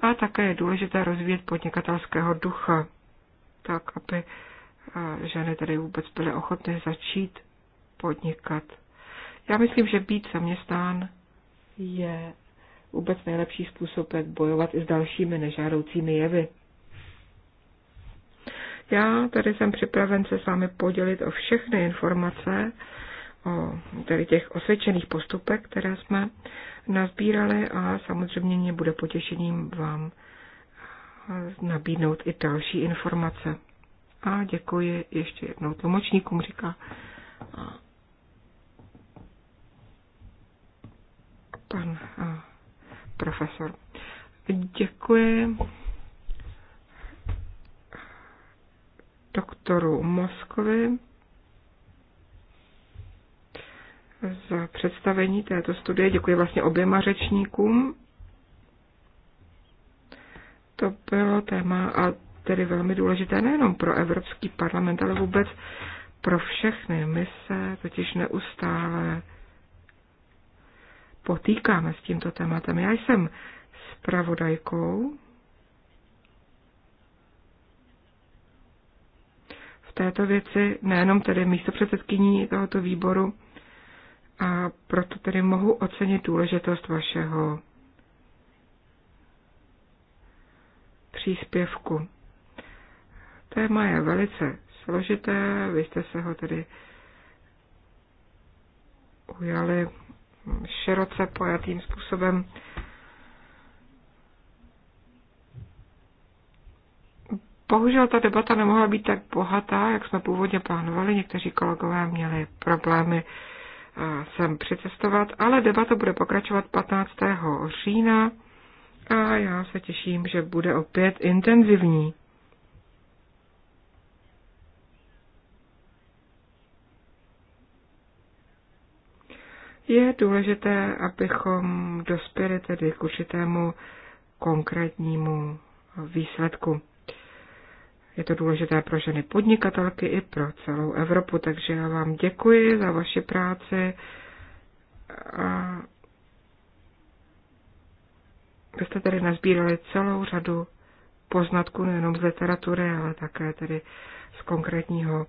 a také je důležité rozvíjet podnikatelského ducha, tak aby ženy tedy vůbec byly ochotné začít podnikat. Já myslím, že být zaměstnán je vůbec nejlepší způsob, jak bojovat i s dalšími nežádoucími jevy. Já tady jsem připraven se s vámi podělit o všechny informace, o tedy těch osvědčených postupech, které jsme nazbírali a samozřejmě mě bude potěšením vám nabídnout i další informace. A děkuji ještě jednou tlumočníkům, říká pan profesor. Děkuji doktoru Moskovi za představení této studie. Děkuji vlastně oběma řečníkům. To bylo téma a tedy velmi důležité nejenom pro Evropský parlament, ale vůbec pro všechny. My se totiž neustále potýkáme s tímto tématem. Já jsem zpravodajkou v této věci, nejenom tedy místo předsedkyní tohoto výboru, a proto tedy mohu ocenit důležitost vašeho příspěvku. Téma je velice složité, vy jste se ho tedy ujali široce pojatým způsobem. Bohužel ta debata nemohla být tak bohatá, jak jsme původně plánovali. Někteří kolegové měli problémy eh, sem přicestovat, ale debata bude pokračovat 15. října a já se těším, že bude opět intenzivní. je důležité, abychom dospěli tedy k určitému konkrétnímu výsledku. Je to důležité pro ženy podnikatelky i pro celou Evropu, takže já vám děkuji za vaši práci. A vy jste tedy nazbírali celou řadu poznatků nejenom z literatury, ale také tedy z konkrétního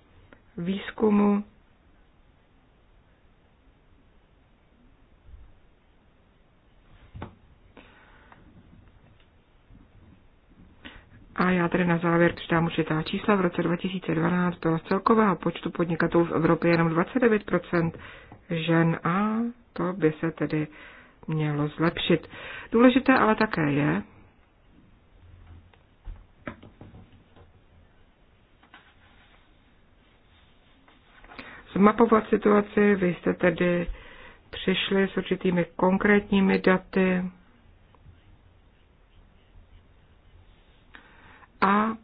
výzkumu. A já tedy na závěr přidám určitá čísla. V roce 2012 bylo z celkového počtu podnikatelů v Evropě jenom 29% žen a to by se tedy mělo zlepšit. Důležité ale také je, zmapovat situaci, vy jste tedy přišli s určitými konkrétními daty, A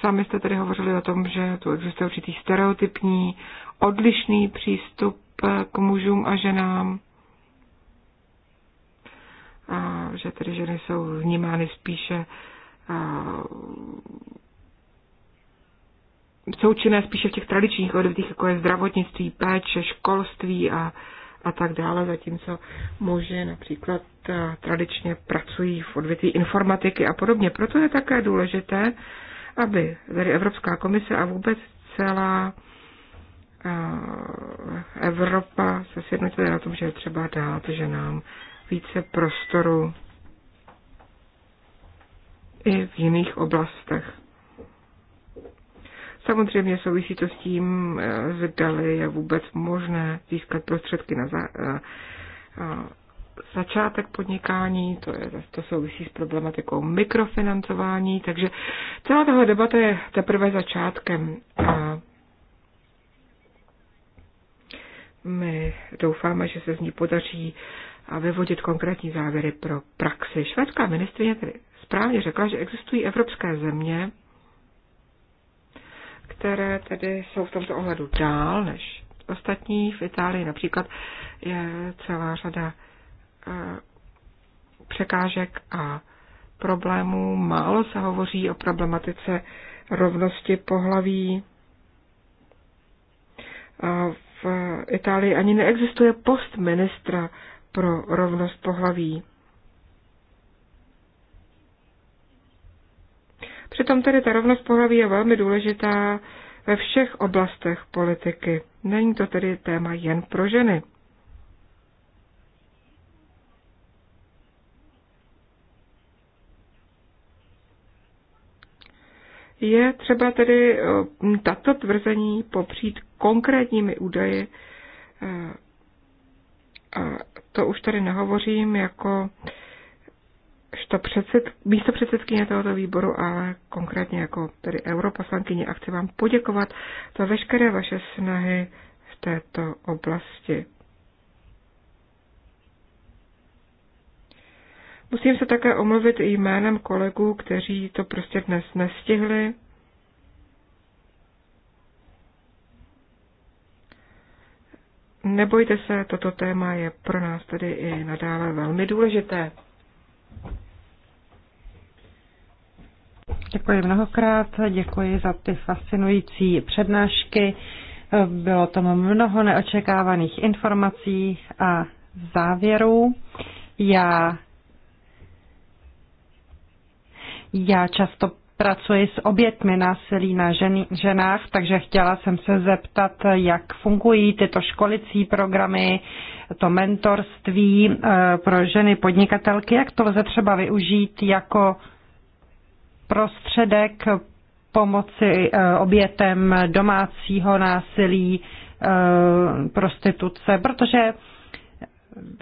sami jste tedy hovořili o tom, že tu existuje určitý stereotypní, odlišný přístup k mužům a ženám. A že tedy ženy jsou vnímány spíše jsou činné spíše v těch tradičních odvětvích, jako je zdravotnictví, péče, školství a a tak dále, zatímco muži například eh, tradičně pracují v odvětví informatiky a podobně. Proto je také důležité, aby tedy Evropská komise a vůbec celá eh, Evropa se sjednotila na tom, že je třeba dát ženám více prostoru i v jiných oblastech. Samozřejmě souvisí to s tím, eh, zdali je vůbec možné získat prostředky na za, eh, eh, začátek podnikání, to, je, to souvisí s problematikou mikrofinancování, takže celá tahle debata je teprve začátkem. A my doufáme, že se z ní podaří a vyvodit konkrétní závěry pro praxi. Švédská ministrině tedy správně řekla, že existují evropské země, které tedy jsou v tomto ohledu dál než ostatní. V Itálii například je celá řada eh, překážek a problémů. Málo se hovoří o problematice rovnosti pohlaví. V Itálii ani neexistuje post ministra pro rovnost pohlaví. Přitom tedy ta rovnost pohlaví je velmi důležitá ve všech oblastech politiky. Není to tedy téma jen pro ženy. Je třeba tedy eh, tato tvrzení popřít konkrétními údaji. Eh, a to už tady nehovořím jako jakožto předsed, místo předsedkyně tohoto výboru, ale konkrétně jako tedy europoslankyně a chci vám poděkovat za veškeré vaše snahy v této oblasti. Musím se také omluvit i jménem kolegů, kteří to prostě dnes nestihli. Nebojte se, toto téma je pro nás tedy i nadále velmi důležité. Děkuji mnohokrát, děkuji za ty fascinující přednášky. Bylo tam mnoho neočekávaných informací a závěrů. Já, já často pracuji s obětmi násilí na ženy, ženách, takže chtěla jsem se zeptat, jak fungují tyto školicí programy, to mentorství eh, pro ženy podnikatelky, jak to lze třeba využít jako prostředek pomoci eh, obětem domácího násilí, eh, prostituce, protože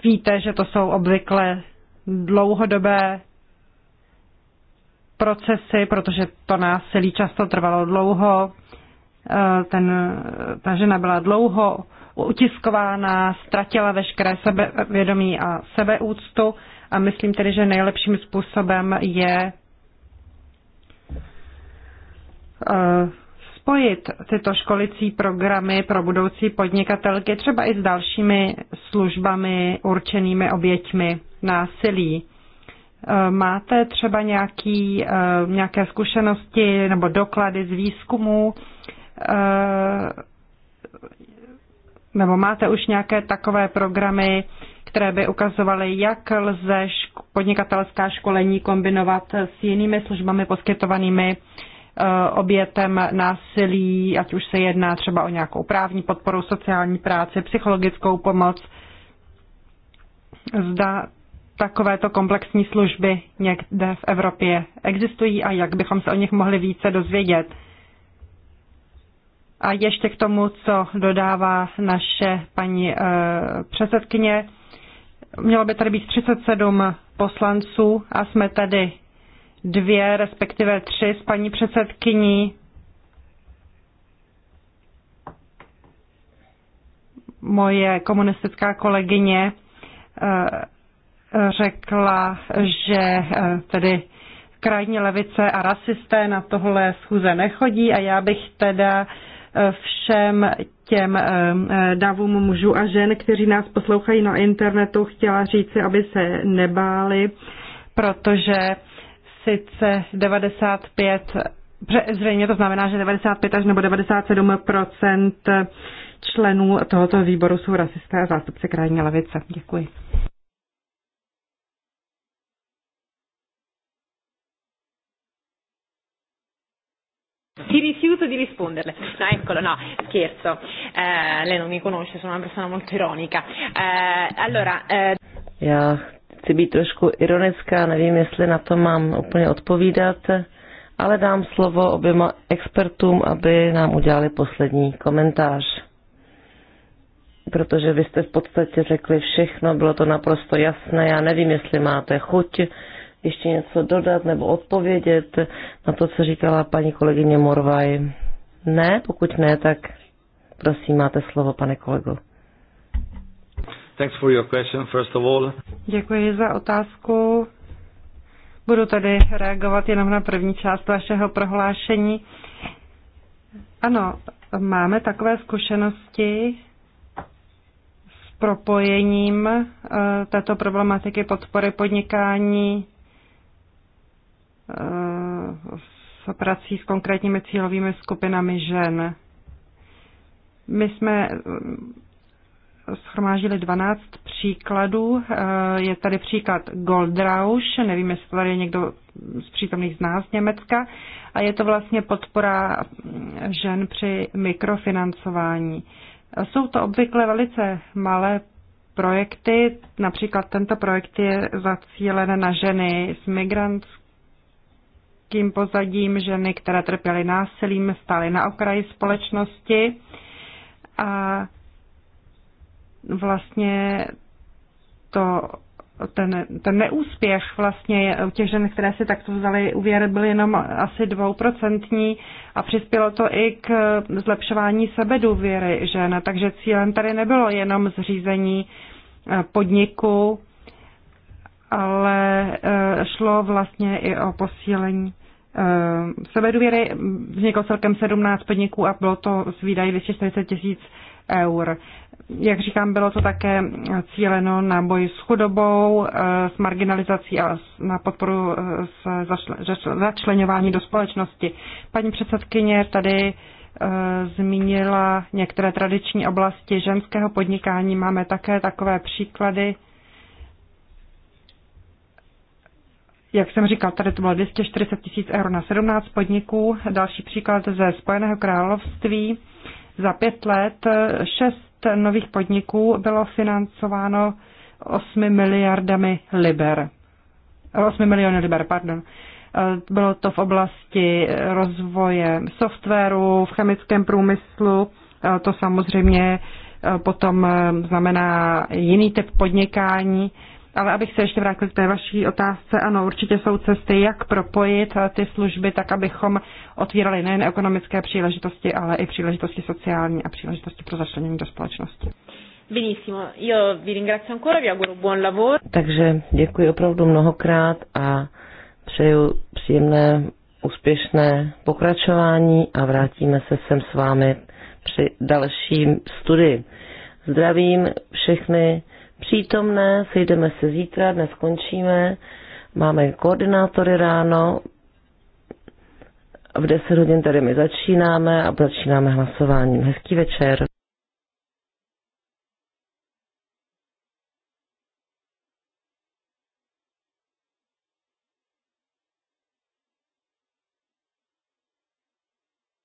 víte, že to jsou obvykle dlouhodobé procesy, protože to násilí často trvalo dlouho, eh, ten, ta žena byla dlouho utiskována, ztratila veškeré sebevědomí a sebeúctu a myslím tedy, že nejlepším způsobem je Eh, spojit tyto školicí programy pro budoucí podnikatelky třeba i s dalšími službami určenými oběťmi násilí. Eh, máte třeba nějaký, eh, nějaké zkušenosti nebo doklady z výzkumu, nebo máte už nějaké takové programy, které by ukazovaly, jak lze podnikatelská školení kombinovat s jinými službami poskytovanými Eh, obětem násilí, ať už se jedná třeba o nějakou právní podporu, sociální práci, psychologickou pomoc. Zda takovéto komplexní služby někde v Evropě existují a jak bychom se o nich mohli více dozvědět. A ještě k tomu, co dodává naše paní e, předsedkyně. Mělo by tady být 37 poslanců a jsme tady dvě, respektive tři s paní předsedkyní. Moje komunistická kolegyně eh, řekla, že eh, tedy krajní levice a rasisté na tohle schůze nechodí a já bych teda eh, všem těm davům mužů a žen, kteří nás poslouchají na internetu, chtěla říci, aby se nebáli, protože sice 95, zřejmě to znamená, že 95 až nebo 97 členů tohoto výboru jsou rasisté a zástupci krajní levice. Děkuji. Ti rifiuto di risponderle. No, eccolo, no, scherzo. Eh, lei non mi conosce, sono una persona molto ironica. Eh, allora, eh... Já chci být trošku ironická, nevím, jestli na to mám úplně odpovídat, ale dám slovo oběma expertům, aby nám udělali poslední komentář. Protože vy jste v podstatě řekli všechno, bylo to naprosto jasné, já nevím, jestli máte chuť ještě něco dodat nebo odpovědět na to, co říkala paní kolegyně Morvaj. Ne, pokud ne, tak prosím, máte slovo, pane kolego. Thanks for your question, first of all. Děkuji za otázku. Budu tady reagovat jenom na první část vašeho prohlášení. Ano, máme takové zkušenosti s propojením eh, této problematiky podpory podnikání eh, s prací s konkrétními cílovými skupinami žen. My jsme schromáždili 12 příkladů. Eh, je tady příklad Goldrausch, nevím, jestli tady je někdo z přítomných z nás z Německa, a je to vlastně podpora žen při mikrofinancování. Jsou to obvykle velice malé projekty, například tento projekt je zacílen na ženy s migrantským pozadím, ženy, které trpěly násilím, stály na okraji společnosti a vlastně to, ten, ten neúspěch vlastně těch žen, které si takto vzali úvěr, byl jenom asi dvouprocentní a přispělo to i k zlepšování sebedůvěry žen. Takže cílem tady nebylo jenom zřízení eh, podniku, ale eh, šlo vlastně i o posílení eh, sebedůvěry. Vzniklo celkem 17 podniků a bylo to s výdají 240 tisíc eur jak říkám, bylo to také cíleno na boj s chudobou, eh, s marginalizací a na podporu eh, s začlenování do společnosti. Paní předsedkyně tady eh, zmínila některé tradiční oblasti ženského podnikání. Máme také takové příklady. Jak jsem říkal, tady to bylo 240 tisíc eur na 17 podniků. Další příklad ze Spojeného království. Za pět let šest nových podniků bylo financováno 8 miliardami liber. 8 miliony liber, pardon. Eh, bylo to v oblasti rozvoje softwaru, v chemickém průmyslu. Eh, to samozřejmě eh, potom znamená jiný typ podnikání ale abych se ještě vrátil k té vaší otázce, ano, určitě jsou cesty, jak propojit eh, ty služby tak, abychom otvírali nejen ekonomické příležitosti, ale i příležitosti sociální a příležitosti pro začlenění do společnosti. Benissimo, io vi ringrazio ancora, vi auguro buon lavoro. Takže děkuji opravdu mnohokrát a přeju příjemné, úspěšné pokračování a vrátíme se sem s vámi při dalším studii. Zdravím všechny přítomné, sejdeme se zítra, dnes končíme, máme koordinátory ráno, v 10 hodin tady my začínáme a začínáme hlasováním. Hezký večer.